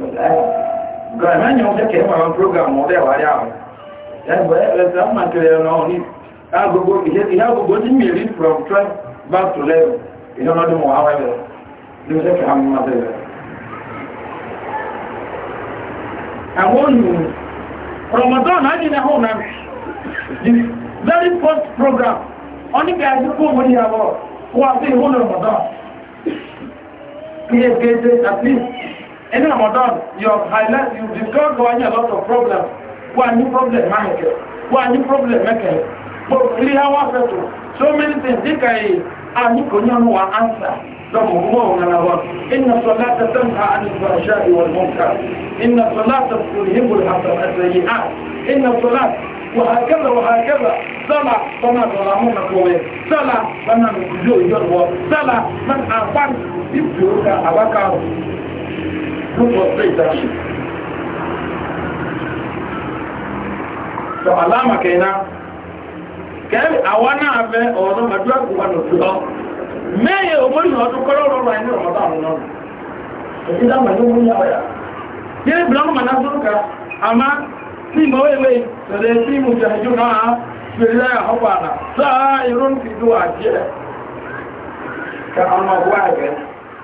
gbàrà náà yàn jẹ́ kẹ́ẹ̀mọ̀ àwọn prógrámù ọdẹ́ wà rí àwọn ẹgbẹ́ ẹ̀lẹ́sẹ̀ ọmọ kẹrẹ ẹ̀nà ramadan ajínà hàn the very first program oníkẹ́ àdúgbò wọ́n yà wọ́ wọ́n ramadan kí ẹgbẹ́ at least in Ramadan, you have highlighted, you discovered one a lot of problems. One new problem, make it? One new problem, make it? But really, how was it? So many things, This guy, I need to know our answer. Don't move on and on. إن الصلاة تنهى عن الفحشاء والمنكر. إن الصلاة تذهب السيئات. إن الصلاة وهكذا وهكذا صلاة فما ظلامون قوي صلاة فما نكجو يجربو صلاة من أفعل يبجوك أبكار Who frustrates that ship? So alama kenan kẹ́rì àwọn náà fẹ́ ọ̀nà àdúrà kò wà lọ́dọ́ mẹ́yẹ òmónìyàn ọdún kọ́rọ̀ rọrọ̀ ẹni ọ̀mọ́ta àwọn náà èyí dámà ní mú yàwó yà yẹ́ ìbìlọ́nà mọ̀ náà sọ́rọ̀ ká àmá tí ìmọ̀ wéwé sọ̀rọ̀ sí mú jàjú náà fèrè láyà ọ̀pọ̀ àná sáà ìrún fìdó àjẹ́ ka ọmọ ọgbọ́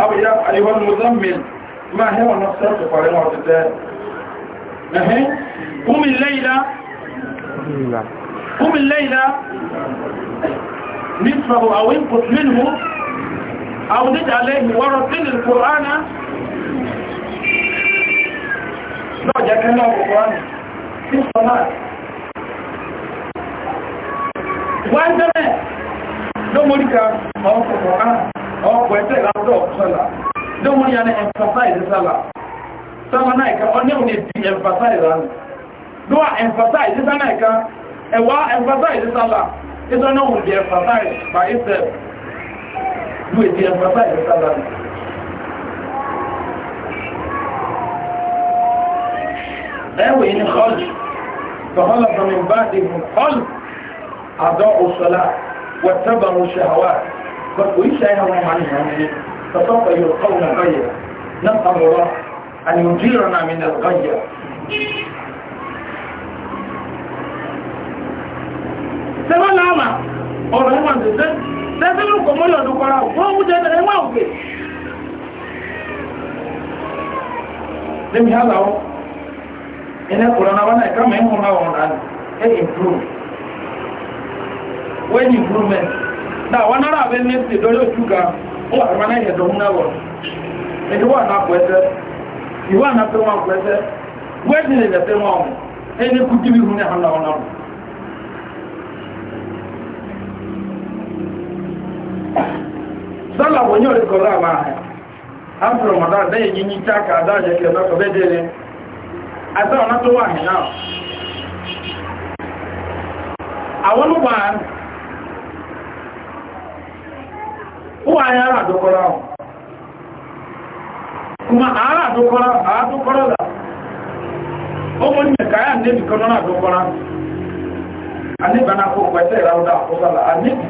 أو يا أيها المزمل ما هي ونفسك فعلم وتتاه أهي قم الليلة قم الليلة نصفه أو انقص منه أو زد عليه ورتل القرآن لا جاء كلام القرآن في الصلاة وأنت ما لو مريكا هو القرآن ọkọ̀ ẹ̀tẹ́ ìlàdọ̀ sọ́là lóhun ya ní emphasize sọ́là sọ́là náà ìka ọ́nẹ́hun ní di emphasize ránì lọ́wọ́ emphasize sọ́là ìka ẹ̀wà emphasize sọ́là ìsọ́nẹ́hun di emphasize by itself do it di emphasize sọ́là ẹ̀wẹ̀ ní kọ́lù فخلق من وإيش أينهم عنها فسوف يلقون غيا نسأل الله أن يجيرنا من الغيا sẹ́wọ́n láàmà ọ̀rọ̀ ẹ̀wọ̀n tẹ̀sẹ̀ tẹ́sẹ̀ ló kọ̀ mọ́lẹ̀ ọdún kọ́ra wọ́n mú jẹ́ tẹ̀lé wọ́n òkè lẹ́mi aláwọ̀ ẹ̀nẹ́ kọ̀rọ̀ náà wọ́n náà ẹ̀ká mẹ́hùn náà wọ̀n náà ẹ̀ improve when improvement na wani ara abin ne su dole su ga o a na wọ ẹni wọn na na pẹ wọn pẹsẹ wẹẹdì lè pẹ wọn ẹni kú jíbi hu ní hànà wọn náà sọlá yóò rí kọlá àbá ẹ afro àwọn fún àyàrá àdókọ́rá ọ̀ kuma àárá àdókọ́rá àádókọ́rá là ó mọ́ ní ẹ̀káyà níbi kan náà àdókọ́rá anìbànà kò pẹ̀sẹ̀ ìràwọ̀dá àkọ́sọ́lá anìbì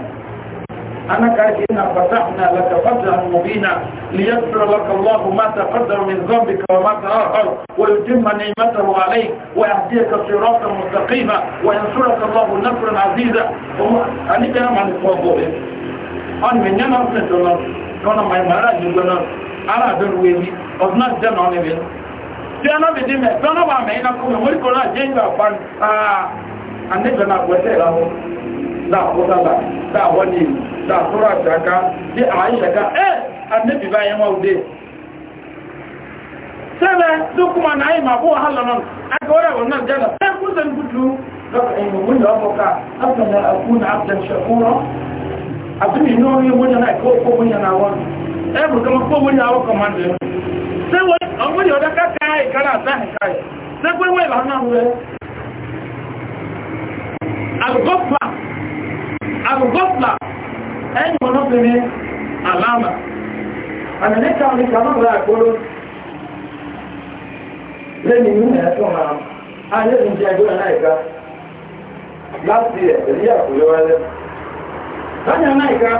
anaka inna fatahna laka fathan mubina liyaghfira laka Allahu ma taqaddama min dhanbika wa ma ta'akhkhara wa yutimma ni'matahu 'alayka wa yahdiyaka siratan mustaqima wa yansuraka Allahu nasran 'aziza ani kana man fawqa on me nyana fred dono kono mai mara ji dono ara do webi of not done on even tena be dime dono ba me na ko mo ko na je ba pan ah ande na ko te la ho da ko da da da woni da sura shaka di aisha ka eh ande bi ba yan wa ude sebe duk kuma na yi mabu wahala nan aka e, wara wannan jana sai kusan gudu daga ilimin da waboka abin da akuna abin shakura àtúnbí inú orí omóyàn náà kó kó omóyàn náà wọ́n ẹ̀bùn kó omóyàn àwọn kọmọdé lẹ́ni inú ẹ̀ẹ́sùn máa ayé ìjẹ́ ẹgbẹ́ náà ìka láti ẹ̀ lọ́nà náà ìka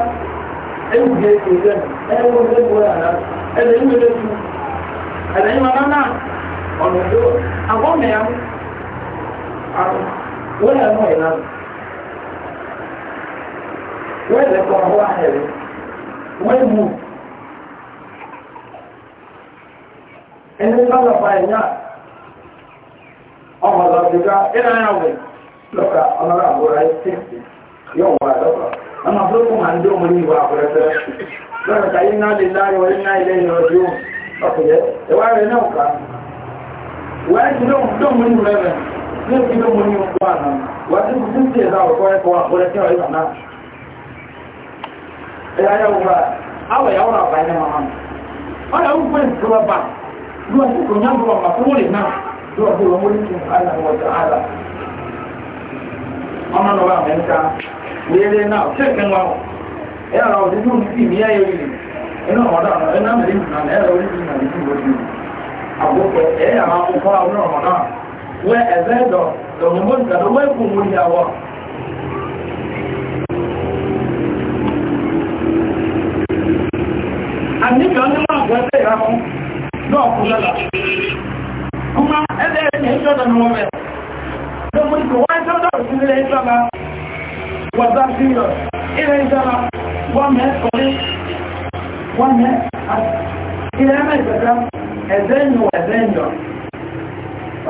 ẹ̀wùjẹ́ ìṣẹ̀lẹ̀ ẹ̀wùjẹ́ ìwọ̀n àná ẹ̀lẹ́ ìwọ̀n ẹ̀lẹ́sù ẹ̀lẹ́ ìwọ̀n náà ọ̀nà tó àgọ́mẹ̀ yà wọ́n yà náà ìlànà wọ́n yà kọ́ ọ̀họ́ àhẹ̀rẹ̀ wọ́n mú ẹni sábà fà ẹ̀yà ọmọ lọ́dún ká ẹ̀rọ ayáwẹ̀ lọ́kà ọmọ àbúrò ayé tẹ̀sí yóò wà lọ́kà amma farko ma ndo mu ni ba ku rasa dan ka inna lillahi wa inna ilaihi raji'un akuje e wa re nauka wa ji ndo ndo mu ni rebe ne ki ndo mu ni ba na wa ji ku tin ce za ko ko ko ne ki na e ya ya wa awa ya wa ba ne mama ala u kwen ko ba duwa ku ko lele na ṣẹ́kẹ́ wa ẹ̀rọ òdúdú sí ní ẹ̀yẹ ìlú iná ọ̀dọ́ iná mẹ́rin nà ẹ̀rọ oríṣi nà ní ìlú ojú àkókò ẹ̀yẹ àwọn akókò àwọn ọ̀nà wẹ ẹ̀fẹ́ dọ̀ lọ́mọmọ ìgbàdo wẹ́ kún mú ní àwọ̀ àníkà ní wọn àgbẹ̀ ẹgbẹ́ ìhà fún náà kú lọ́la kúmá ẹgbẹ́ ẹ̀yẹ ìjọba ni wọ́n mẹ́ lọ́mọ ìgbà wáyé ìsinmi lẹ́yìn sọ́dọ̀ was that period. Ilẹ̀ ìjọba wọ́n mẹ́ kọ́lé, wọ́n mẹ́ ilẹ̀ ẹ̀mẹ́ ìjọba ẹ̀zẹ́yìn ẹ̀zẹ́yìn lọ.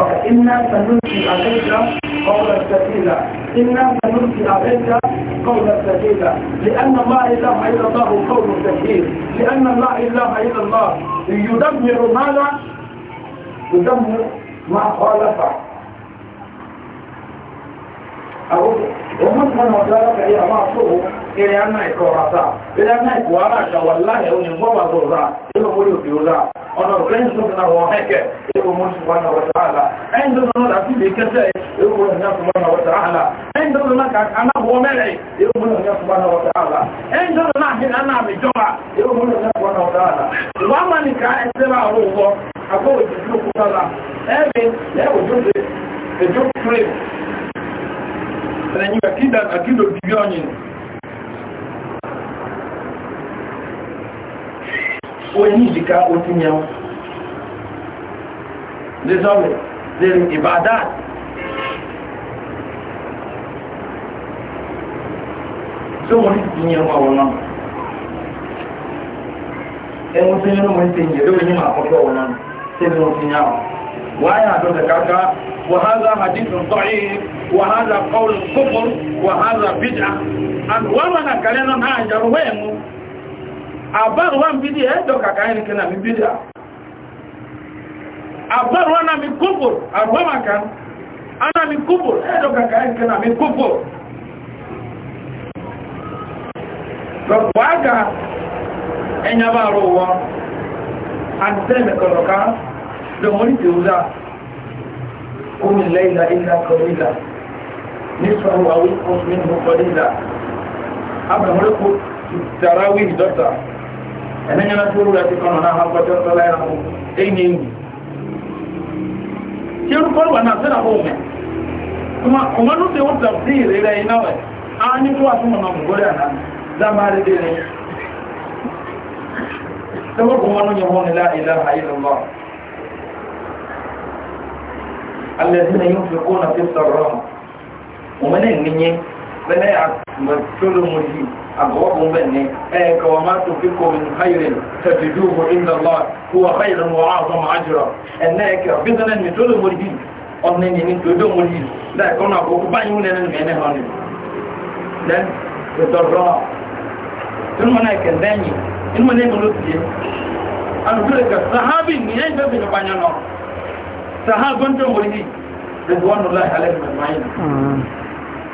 Okay, inna sanúti àbẹ́jà kọ́wọ́lá sẹ́fìlà. Inna sanúti àbẹ́jà قولا سديدا لأن الله إله إلا الله قول سديد لأن الله إله إلا الله يدمر ماذا يدمر ما خالفه Òun mọ́ ọ̀dọ́ ọlọ́pẹ̀lẹ́ àwọn àṣòwò eré àmà ẹ̀kọ́ ọ̀rọ̀ta, eré àmà ẹ̀kọ́ ara àṣàwà láàrẹ̀ òní gbọ́wà lọ́rọ̀ ìlú orí òkè ọ̀rọ̀. Ọ̀nà òkèrè ìṣòkè náà wọ́n hẹ́kẹ̀ ìlú mọ́ ṣùgbọ́n náà wọ́n tààlà. Ẹni tó náà láti lè kẹ́sẹ̀ ìlú mọ́ ṣùgbọ́n náà wọ́n tààlà. Ẹni tó náà kanáwọ́ mẹ́rẹ̀ ìlú mọ́ ṣùgbọ́n náà wọ́n tààlà. Ẹni tó náà hìn náà náà mi jọba ìlú mọ́ ṣùgbọ́n náà wọ́n tààlà. Ìwọ́n ẹ̀yìn àkídà àkídò bí ọ̀yìn oyin ìdíká ojú yẹn lẹ́sọ̀rọ̀ lẹ́rì ìbàdàn tí wọ́n ní ti yẹn wà wọ́n náà ẹ̀wọ̀n tí yẹn wọ́n ti yẹn lórí yẹn máa kọ́kọ́ wọ́n náà tí wọ́n ti yẹn wọ́n á yà àdọ́ta káká wọ́n á zá hadith tó yìí وهذا قول كفر وهذا بدعة and wọ́n na kàrẹ́ náà náà àjọrò wẹ́ mú àbárò wọn bí díẹ̀ ẹ́dọ̀kà kàrẹ́ ní kí náà mi bí díà àbárò wọn mi kúfò àrùwọ́mà kan ana mi kúfò ẹ́dọ̀kà kàrẹ́ ní kí náà mi kúfò lọ́pọ̀ ága ẹnyàbá àrò wọn àti tẹ́lẹ̀mẹ̀kọ̀lọ̀ká lọ́mọ́rí tèúzà نصفه أو ينقص منه قليلا أما هناك التراويح دتا أنا أنا أقول لك أنا هبت الله يرحمه أين kírù kọ́ wà náà sínà fún mẹ́ ọmọ ló ti wọ́n tàbí ìrẹ́lẹ̀ iná rẹ̀ a ní tó wà súnmọ̀ náà gọ́rẹ̀ àná dámàrí dẹ̀rẹ̀ tẹ́wọ́kùn wọn ní wọn nílá ilá ayélujá alẹ́sìn yóò fi kó na fi sọ̀rọ̀ mɔmɛnɛ ŋmɛnyɛ mɛnɛ mɛtolo mɔdi agɔwɔ bɔn bɛ nɛ ɛɛ kawa ni. to fi ko min hayiri tafi du ko in na lɔ ko wa hayiri wa eh, a sɔn ma a jira ɛnɛ kɛ o bisana ni tolo mɔdi ɔnɛ ni ni todo mɔdi da kɔnɔ ko ko ba ni mɛnɛ hɔn ni dɛ tɔtɔrɔ tunu mɔnɛ kɛ dɛn yi tunu mɔnɛ mɔnɔ tiɲɛ alukure ka sahabi ni ɛn bɛ bi ni ba ɲɛ nɔ sahabi tɔ mɔdi rɛ duwanu lahi alɛ ni mɛ maa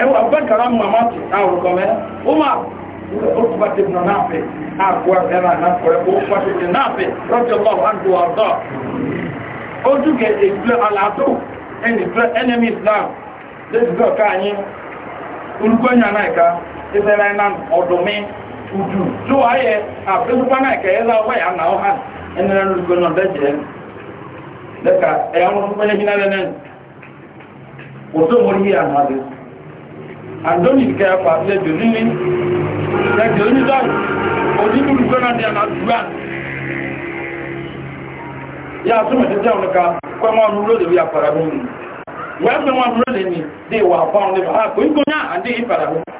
ẹwà bẹ́kàrá mọ̀má ti àwòrán mẹ́ ó máa عقبة بن نافع أقوى كما نقول عقبة بن نافع رضي الله عنه وأرضاه أوجوك إبلاء العدو إن إبلاء enemy Islam this girl kanyi olùgbọ́nyà náà ká ẹsẹ̀ náà náà ọ̀dọ̀mí ojú tó ayẹ àfẹ́sùpá náà kẹ́ ẹ̀lá ọwọ́ yà náà hàn ẹni náà lùgbọ́ náà lẹ́jẹ̀ lẹ́ka ẹ̀yà wọn fún pẹ́lẹ́ yìí náà lẹ́nẹ́ òtó mọ́rí yìí àná àdéhùn àdóní kẹfà lẹ́jọ níní lẹ́jọ onídọ́rù onídùrù gbọ́nà ní àmàdùgbà yà túnmọ̀ tí jẹun nìka pẹ́wọ́n ọmọ lóde wí àpàrà lónìí wọ́n pẹ́ wọn lóde ní dé wà fáwọn lẹ́bà àpò ìgbóná àdé ìpàdà lónìí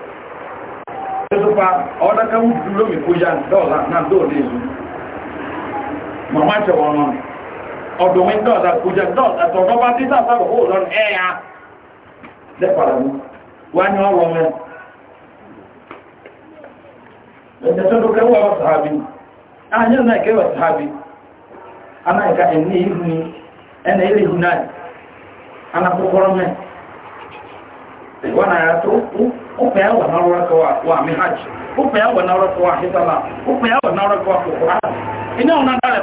tẹ́sùpa ọ̀dọ́kẹ́wù lómi kó yá dọ́ọ̀lá náà dóòlé ìlú màmá jẹ̀wọ̀n náà ọ̀dọ̀wìn dọ́ọ̀lá kó jẹ́ dọ́ọ̀lá tọ̀dọ́ bá títà sábà ó lọ́nà ẹ̀yà lẹ́pàdà lónìí wani ọwọ́ mẹ́ ẹ̀jẹ̀ tó tó kẹwọ́ ọwọ́ sàábí ààyẹ́ náà kẹwọ́ sàábí anáìka ẹ̀ní ihu ni ẹ̀nà ilé ihu náà anakọ́kọ́rọ́ mẹ́ wọ́n náà tó ópẹ́ ẹwọ̀ náà rọ́kọ́ wà mí hajj ópẹ́ ẹwọ̀ náà rọ́kọ́ wà hítàlá ópẹ́ ẹwọ̀ náà rọ́kọ́ wà kòkòrò ọ̀nà dálẹ̀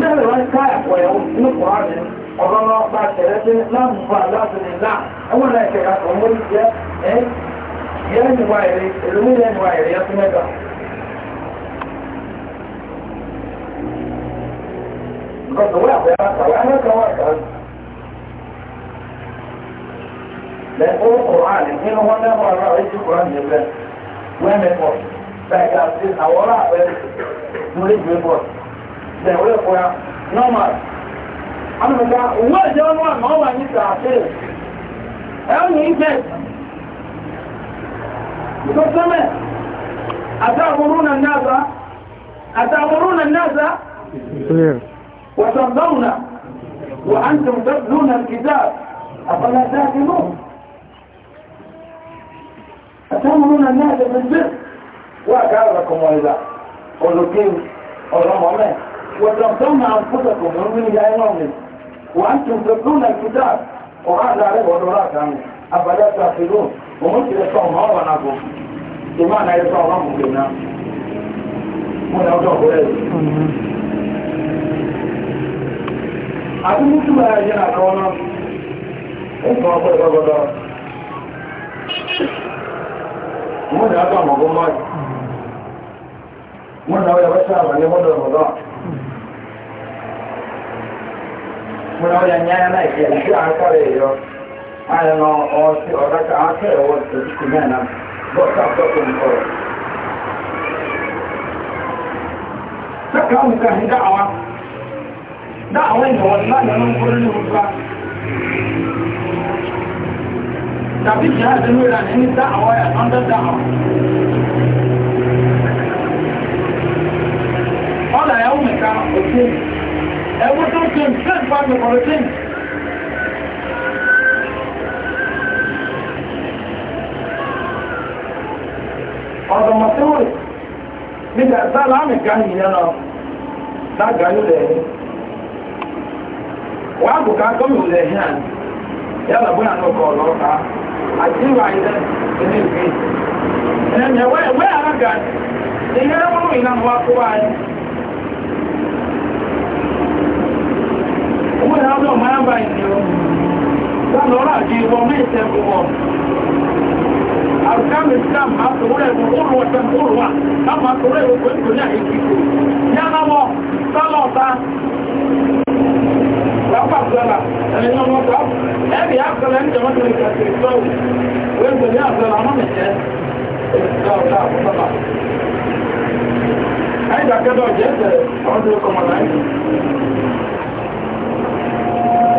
mẹ́rin wọn ká ẹ̀kọ́ ẹ̀wọ̀n ní kùránì ọ̀rọ̀ náà bá tẹ̀lé sí láàmùfà láti lè náà ẹ̀wọ̀n náà kẹ̀kẹ́ àtọ̀ mọ́ ìjẹ́ ẹ̀ yẹ́ ìwà èrè èlò ní ìwà èrè yẹ́ fún mẹ́ta. Gbọ́dọ̀ wẹ́ àpẹ́ àtàwé alákọ̀ọ́ àtàwé. Lẹ́kọ́ kùránì nínú wọn náà wà láwọn ètò kùránì yẹn bẹ́ẹ̀ wẹ́mẹ̀kọ̀ bẹ́ẹ̀ zẹ̀wé fún ya normal amọ̀gá owó ẹ̀jẹ̀ ọ̀nà àmọ́ wà ní sàáfẹ́ ẹ̀rùn ìgbẹ́ ìtọ́sẹ́mẹ̀ àtàmúrúnà náà àtàmúrúnà náà wàtàmdọ́nà wà á ń tẹ̀mdọ́ lónà kìdá àfọlàdá nínú àtàmúrúnà náà tẹ̀mdọ́ wà gáàrà kọmọ ìlà olùkí ọ̀rọ̀ mọ́mẹ́ وتنصرون أنفسكم ومن يعلمون وأنتم تتلون الكتاب وهذا عليه وذراك عنه أفلا تعقلون وممكن يسوع ما هو عنكم بمعنى يسوع ما ممكن من أوجه إليه أبو مسلم هنا كونا إنتم أقول بابا من أقام أقول ماي من أقول يا بشر أنا múra ọ̀yà ní ayá náà ìgbìyà sí àkàrẹ̀ ẹ̀yọ àyànà ọ̀sẹ̀ ọ̀dáka àkàrẹ̀ ọwọ́ ìtòjúkù mẹ́ẹ̀nà bọ́ọ̀sà tọ́kù nìkọ̀rọ̀. Sọ́kà ń kà ń dáàwá. Dáàwá ìwọ̀n náà ní ọmọ nǹkan ní òkúta. Tàbí kìí àti ní ìlànà ní dáàwá ẹ̀ ọ́ndẹ́ dáàwá. Ọ̀là ẹ̀ ó mẹ̀ka òkú ẹ̀wọ́ tó kí n ṣe ìpàdé ọ̀rẹ́kín ọ̀dọ̀mọ̀tíwòrì nígbà sáàlá àmì gáyì yẹn lọ lágbàáyé lẹ́yìn wà á bùkà gómìnà lẹ́yìn àná yálà bóyá ní ọkọ̀ ọlọ́ta àti ìwà ilẹ̀ ilé ìgbé ẹ̀yẹ̀ wẹ́ẹ̀ wẹ́ẹ̀ arága ìyẹn mú ìlànà wa kó wáyé owó ìrànlọ́ máa ń bá ìdíọ̀ wọ́n lọ́rọ̀ àti ìwọ̀n ní ìṣẹ́gun wọn àrùkámi islam àtòwúrẹ̀ ìwòrò ọ̀tẹ̀mùwòrùwà láwọn àtòwúrẹ̀ ìwòrò ìtòní àìkíkò yánáwọ̀ sálọ̀ta lápàtàlà ẹ̀yìn ọmọ ọ̀tọ̀ ẹ̀rì àpẹẹrẹ ń jẹmọ́ tẹ̀lé kàtìrì sọ́wọ́ wẹ́gbẹ̀ ní àpẹẹrẹ àmọ́ mẹ́jẹ́ ìjọba àpọ̀tọ̀lá ẹ̀dàkẹ́dọ̀ jẹ́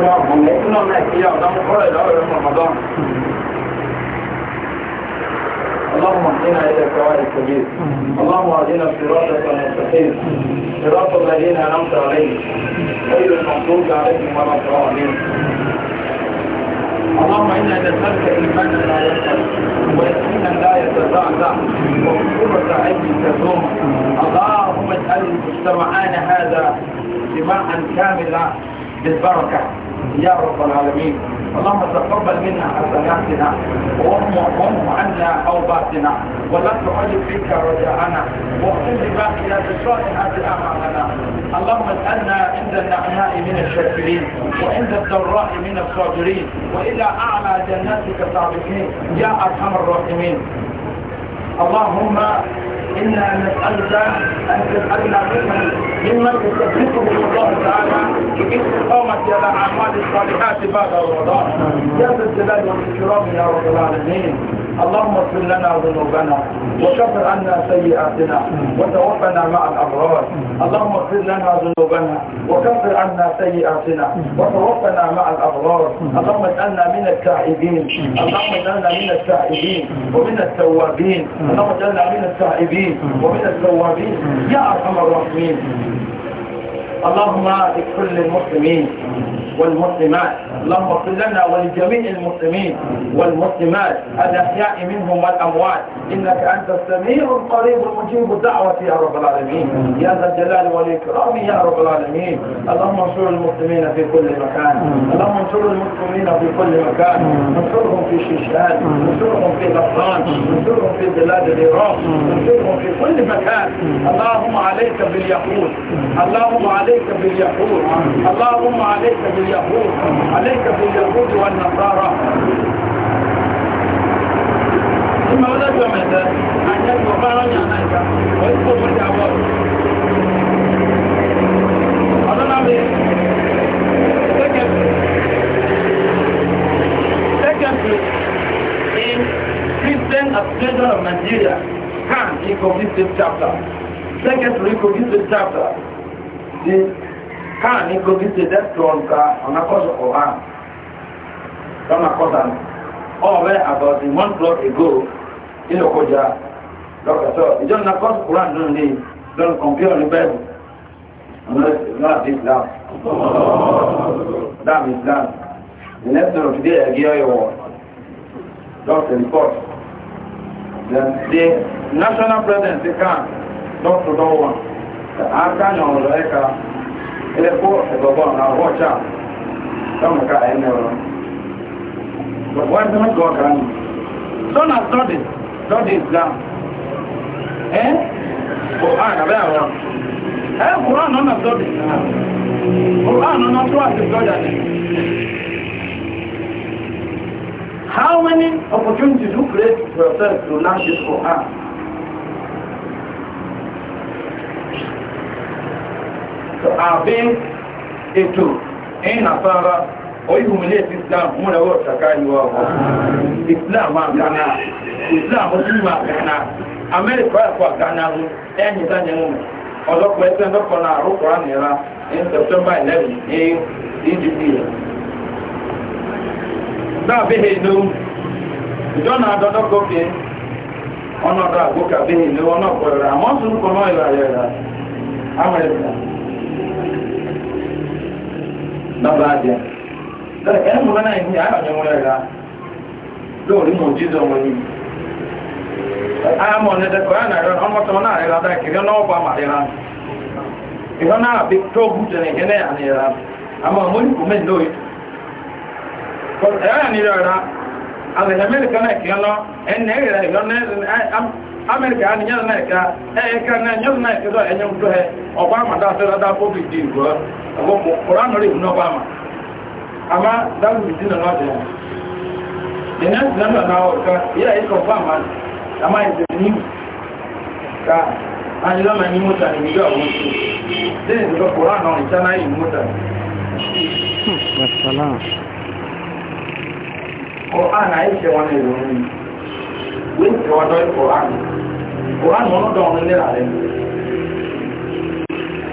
اللهم اهدنا الى سواء الكبير اللهم اهدنا صراطك المستقيم صراط الذين انعمت عليهم غير المغضوب عليهم ولا الضالين اللهم إنا نسألك إيمانا لا يسأل ويقينا لا يتزعزع وقوة علم تدوم اللهم اجعل مجتمعنا هذا اجتماعا كاملا بالبركة يا رب العالمين اللهم تقبل منا حسناتنا وهم عنا اوباتنا ولا تعجب فيك رجاءنا واغفر لباقيات الصالحات اعمالنا اللهم اجعلنا عند النعماء من الشاكرين وعند الضراء من الصابرين والى اعلى جناتك السابقين يا ارحم الراحمين اللهم إنا نسألك أن تسألنا قسما ممن يصدقه الله تعالى باستقامة على الأعمال الصالحات بعد رمضان يا ذا الجلال والإكرام يا رب العالمين اللهم اغفر لنا ذنوبنا وكفر عنا سيئاتنا وتوفنا مع الأبرار اللهم اغفر لنا ذنوبنا وكفر عنا سيئاتنا وتوفنا مع الأبرار اللهم اجعلنا من التائبين اللهم اجعلنا من التائبين ومن التوابين اللهم اجعلنا من التائبين ومن التوابين يا أرحم الراحمين اللهم اغفر للمسلمين والمسلمات اللهم اغفر لنا ولجميع المسلمين والمسلمات الأحياء منهم والأموات إنك أنت السميع القريب المجيب الدعوة يا رب العالمين يا ذا الجلال والإكرام يا رب العالمين اللهم انصر المسلمين في كل مكان اللهم انصر المسلمين في كل مكان انصرهم في شيشان انصرهم في غفران انصرهم في بلاد العراق انصرهم في كل مكان اللهم عليك باليهود اللهم عليك باليهود اللهم عليك باليهود ذلك في اليهود والنصارى ثم ولد ماذا أن يتفارن عن هذا ويذكر الدعوات هذا نعمل Secondly, secondly, in Christian Association of Nigeria, can he complete this chapter? Secondly, complete this chapter. The káà ní kogi ṣe dẹ́tọ̀ nka ọ̀nàkọ́sọ̀ ọ̀há lọ́nàkọ́sà ní ọ̀rẹ́ àbọ̀sí one block ago nínú kọjá lọ́kọ̀tọ̀ ìjọ nàkọ́sọ̀ kúrò àdúrà ní lọ́nà kọ̀mpútà ní bẹ́ẹ̀rù ọ̀nàdí islam dam islam the next one today ẹ̀gí ọ̀yọ̀wọ̀ dr report the national president kan dr dọ́wọ́n aka nyọ̀rọ̀ ẹ̀ka ilé kó ẹ̀gbọ̀gbọ̀ àwọn ọ̀chá sọ́mùká ẹ̀yìn ẹ̀rọ wọ́n ti mẹ́kọ̀ọ́ ọ̀kà ní sọ́nà sọ́dì sọ́dì islam ẹ́ kò àgàbẹ́ àwọn ẹ́ kùrọ̀ nọ́nà sọ́dì kùrọ̀ nọ́nà tó àti sọ́dà ní How many opportunities you create for yourself to learn this Quran? àbí ètò ẹ̀yìn àfáàrá oríhùnmílẹ̀ islam múra wọ́n ṣàká ìwọ̀ islam àgbàna islam ojúmọ̀ àgbàna amẹ́ríkà ẹ̀kọ́ àgbàna ẹ̀yìn ìdánimọ̀ ọlọ́pọ̀ ẹ̀sẹ̀ lọ́pọ̀ náà rúkọ̀ọ́ nìra ní september 11 ní ìdíbí rẹ̀ dábẹ́hẹ̀ ló ìjọ́nà àdọ́dọ́gọ́fẹ́ ọ̀nà ọ̀dọ́ àgbókà bẹ́hẹ̀ ló ọ̀nà ọ̀pọ̀ rẹ̀ àmọ́sùn bàbá àjẹ́ ẹni mú lọ́nà ìpín àyọ̀jẹ́ mú lẹ́ra lóòrí mú jíjọ wọn ni àmọ̀ nẹ́dẹ̀ kọ̀rọ̀ nàìjíríà ọmọtọmọ náà rẹ̀ ládá ìkìrí ọlọ́wọ́ bá mà rẹ̀ ìwọ náà bí tó bú jẹ́ nìkẹ́lẹ́ àní rẹ̀ àmọ́ mo ní kò mẹ́ lóòrí ẹ̀rọ àní rẹ̀ rẹ̀ àbẹ̀lẹ̀ mẹ́rin kan náà ìkìrí ọlọ́ amẹ́ríkà á ní yẹ́n náà ẹ̀ka ẹ̀ka náà yẹ́n náà ẹ̀ka dọ̀ ẹ̀yẹ́ ńdọ́ ẹ̀ ọ̀pá àmàdá àtẹ́rẹ́dá covid dín gbọ́ ọ̀pọ̀ kọ̀rọ̀ àná rèé náà bá àmà àmà dáhùn ìdí náà náà bẹ̀rẹ̀ ìyẹn ti náà náà ọ̀ka ìyá ẹ̀kọ́ fún àmà àmà ìdè níwù ká àyè lọ́mà ní mọ́tà ní ìjọ àwọn oṣù lẹ́yìn ìjọ kọ̀rọ̀ àná ìjà náà yìí mọ́tà Kọ̀ọ̀án àìṣẹ́ wọn ni ìròyìn. Wíńtì ọdọ́ ìkọ̀ọ̀án. Quran wọn dọ̀ ọ̀rọ̀ nílà rẹ̀.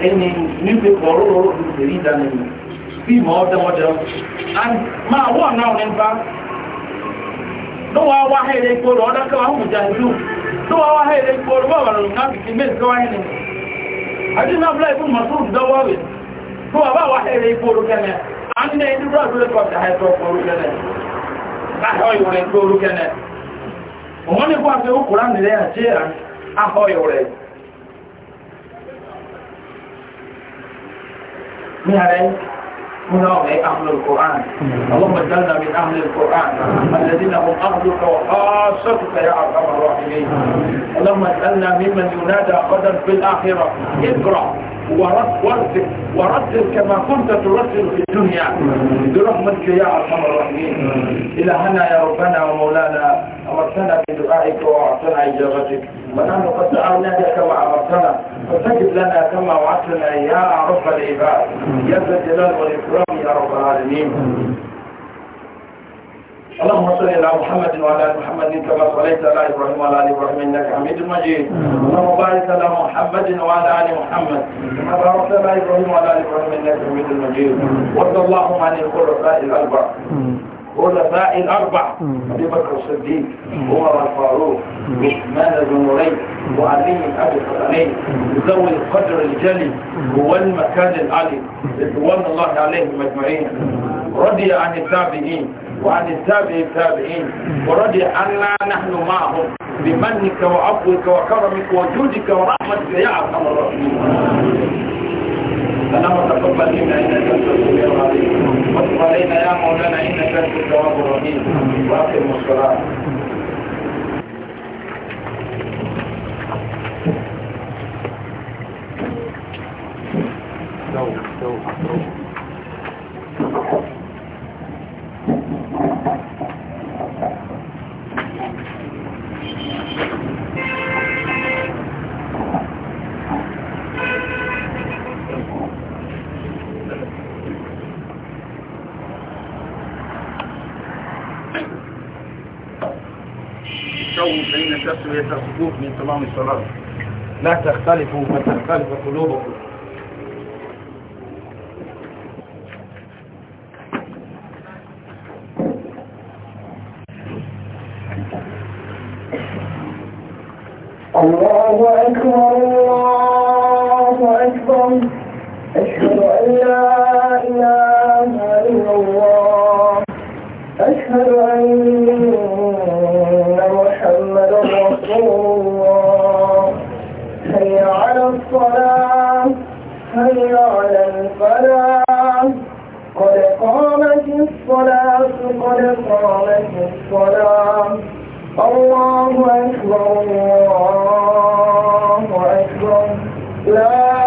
Ẹni níbi ọ̀rọ̀ ọ̀rọ̀ ìrírí ìdánimọ̀ fíìmù ọ̀dẹ́mọ̀dẹ́ máa wọ̀ náà nípa lọ́wọ́ wá hẹ́rẹ́ ìgbòrò ọ̀dọ́kọ́ àwọn ìjàìlú lọ́wọ́ wá hẹ́rẹ́ ìgbòrò bọ̀wọ̀ rẹ̀ káàkiri mẹ́sìkọ́ ẹni àdínàbílá ìbú masúrù dọ́wọ́wé lọ́wọ́ bá wá hẹ́rẹ́ ìgbòrò kẹ́nẹ̀ àdínà ìdúrà ìgbòrò kẹ́nẹ̀ ahọ́yọ̀ rẹ̀ ní ààrẹ هنا وهي أهل القرآن اللهم اجعلنا من أهل القرآن الذين هم أهلك وخاصتك يا أرحم الراحمين اللهم اجعلنا ممن ينادى غدا في الآخرة اقرأ ورتب ورتب كما كنت ترتب في الدنيا برحمتك يا ارحم الراحمين الهنا يا ربنا ومولانا امرتنا بدعائك واعطنا اجابتك ونحن قد دعوناك كما امرتنا فاستجب لنا كما وعدتنا يا رب العباد يا ذا الجلال والاكرام يا رب العالمين اللهم صل على محمد وعلى ال محمد كما صليت على ابراهيم وعلى ال ابراهيم انك حميد مجيد اللهم بارك على محمد وعلى ال محمد كما باركت على ابراهيم وعلى ال ابراهيم انك حميد مجيد وارض اللهم عن الخلفاء الاربع الخلفاء الأربع أبي بكر الصديق عمر الفاروق عثمان بن علي وعلي بن أبي الحسنين ذوي القدر الجلي والمكان العلي رضوان الله عليهم أجمعين رضي عن التابعين وعن التابع التابعين ورضي عنا نحن معهم بمنك وعفوك وكرمك وجودك ورحمتك يا ارحم الراحمين اللهم تقبل منا انك انت السميع العليم واتق علينا يا مولانا انك انت التواب الرحيم واقم الصلاه Thank you. من تمام الصلاة لا تختلفوا فتختلف قلوبكم الله أكبر الله أكبر أشهد أن لا إله إلا الله أشهد أن محمد رسول الله هيا على الصلاة هيا على الفلاح قد قامت الصلاة قد قامت الصلاة الله أكبر الله أكبر لا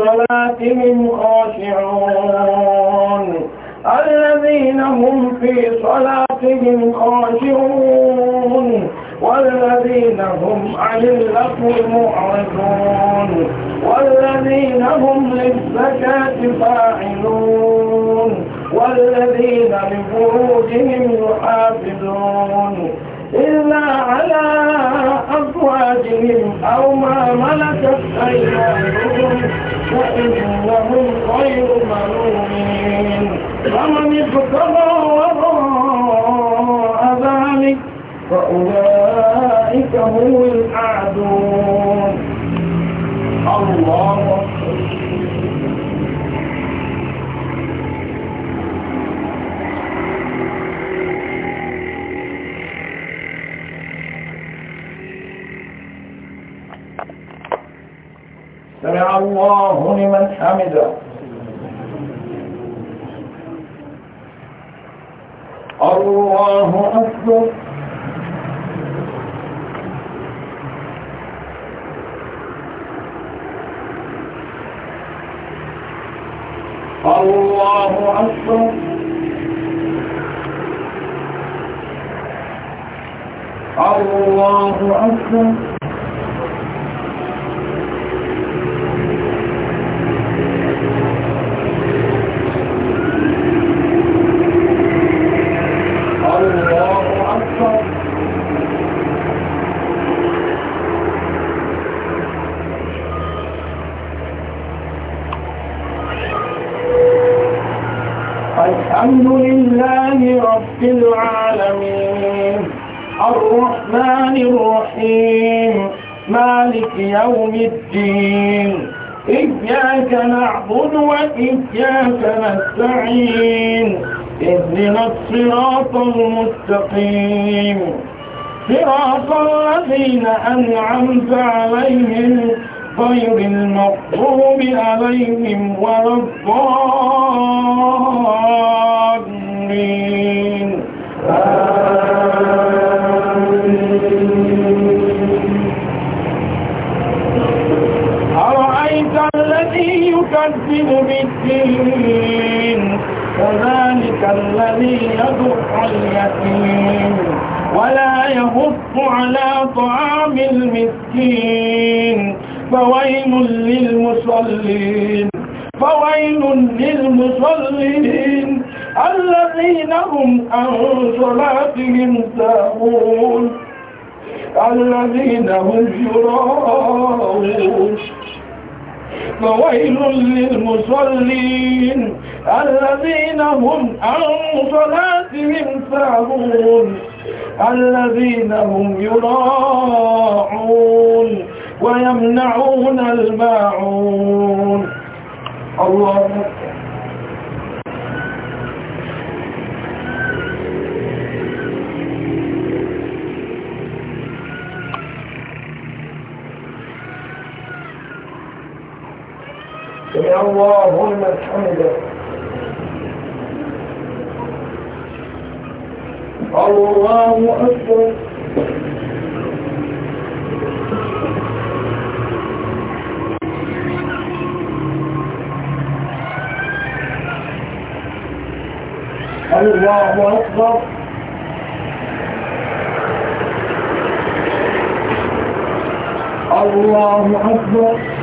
صلاتهم خاشعون الذين هم في صلاتهم خاشعون والذين هم عن اللقو معرضون والذين هم للزكاة فاعلون والذين لفروجهم يحافظون إلا على أزواجهم أو ما ملكت أيمانهم وإنهم خير ملومين فمن ابتغى وراء ذلك فأولئك هم الأعدون الله Amém, ah, ويل للمصلين الذين هم عن صلاتهم ساهون الذين هم يراءون فويل للمصلين الذين هم عن صلاتهم ساهون الذين هم يراءون ويمنعون الماعون الله سمع الله لمن الله أكبر الله أكبر الله أكبر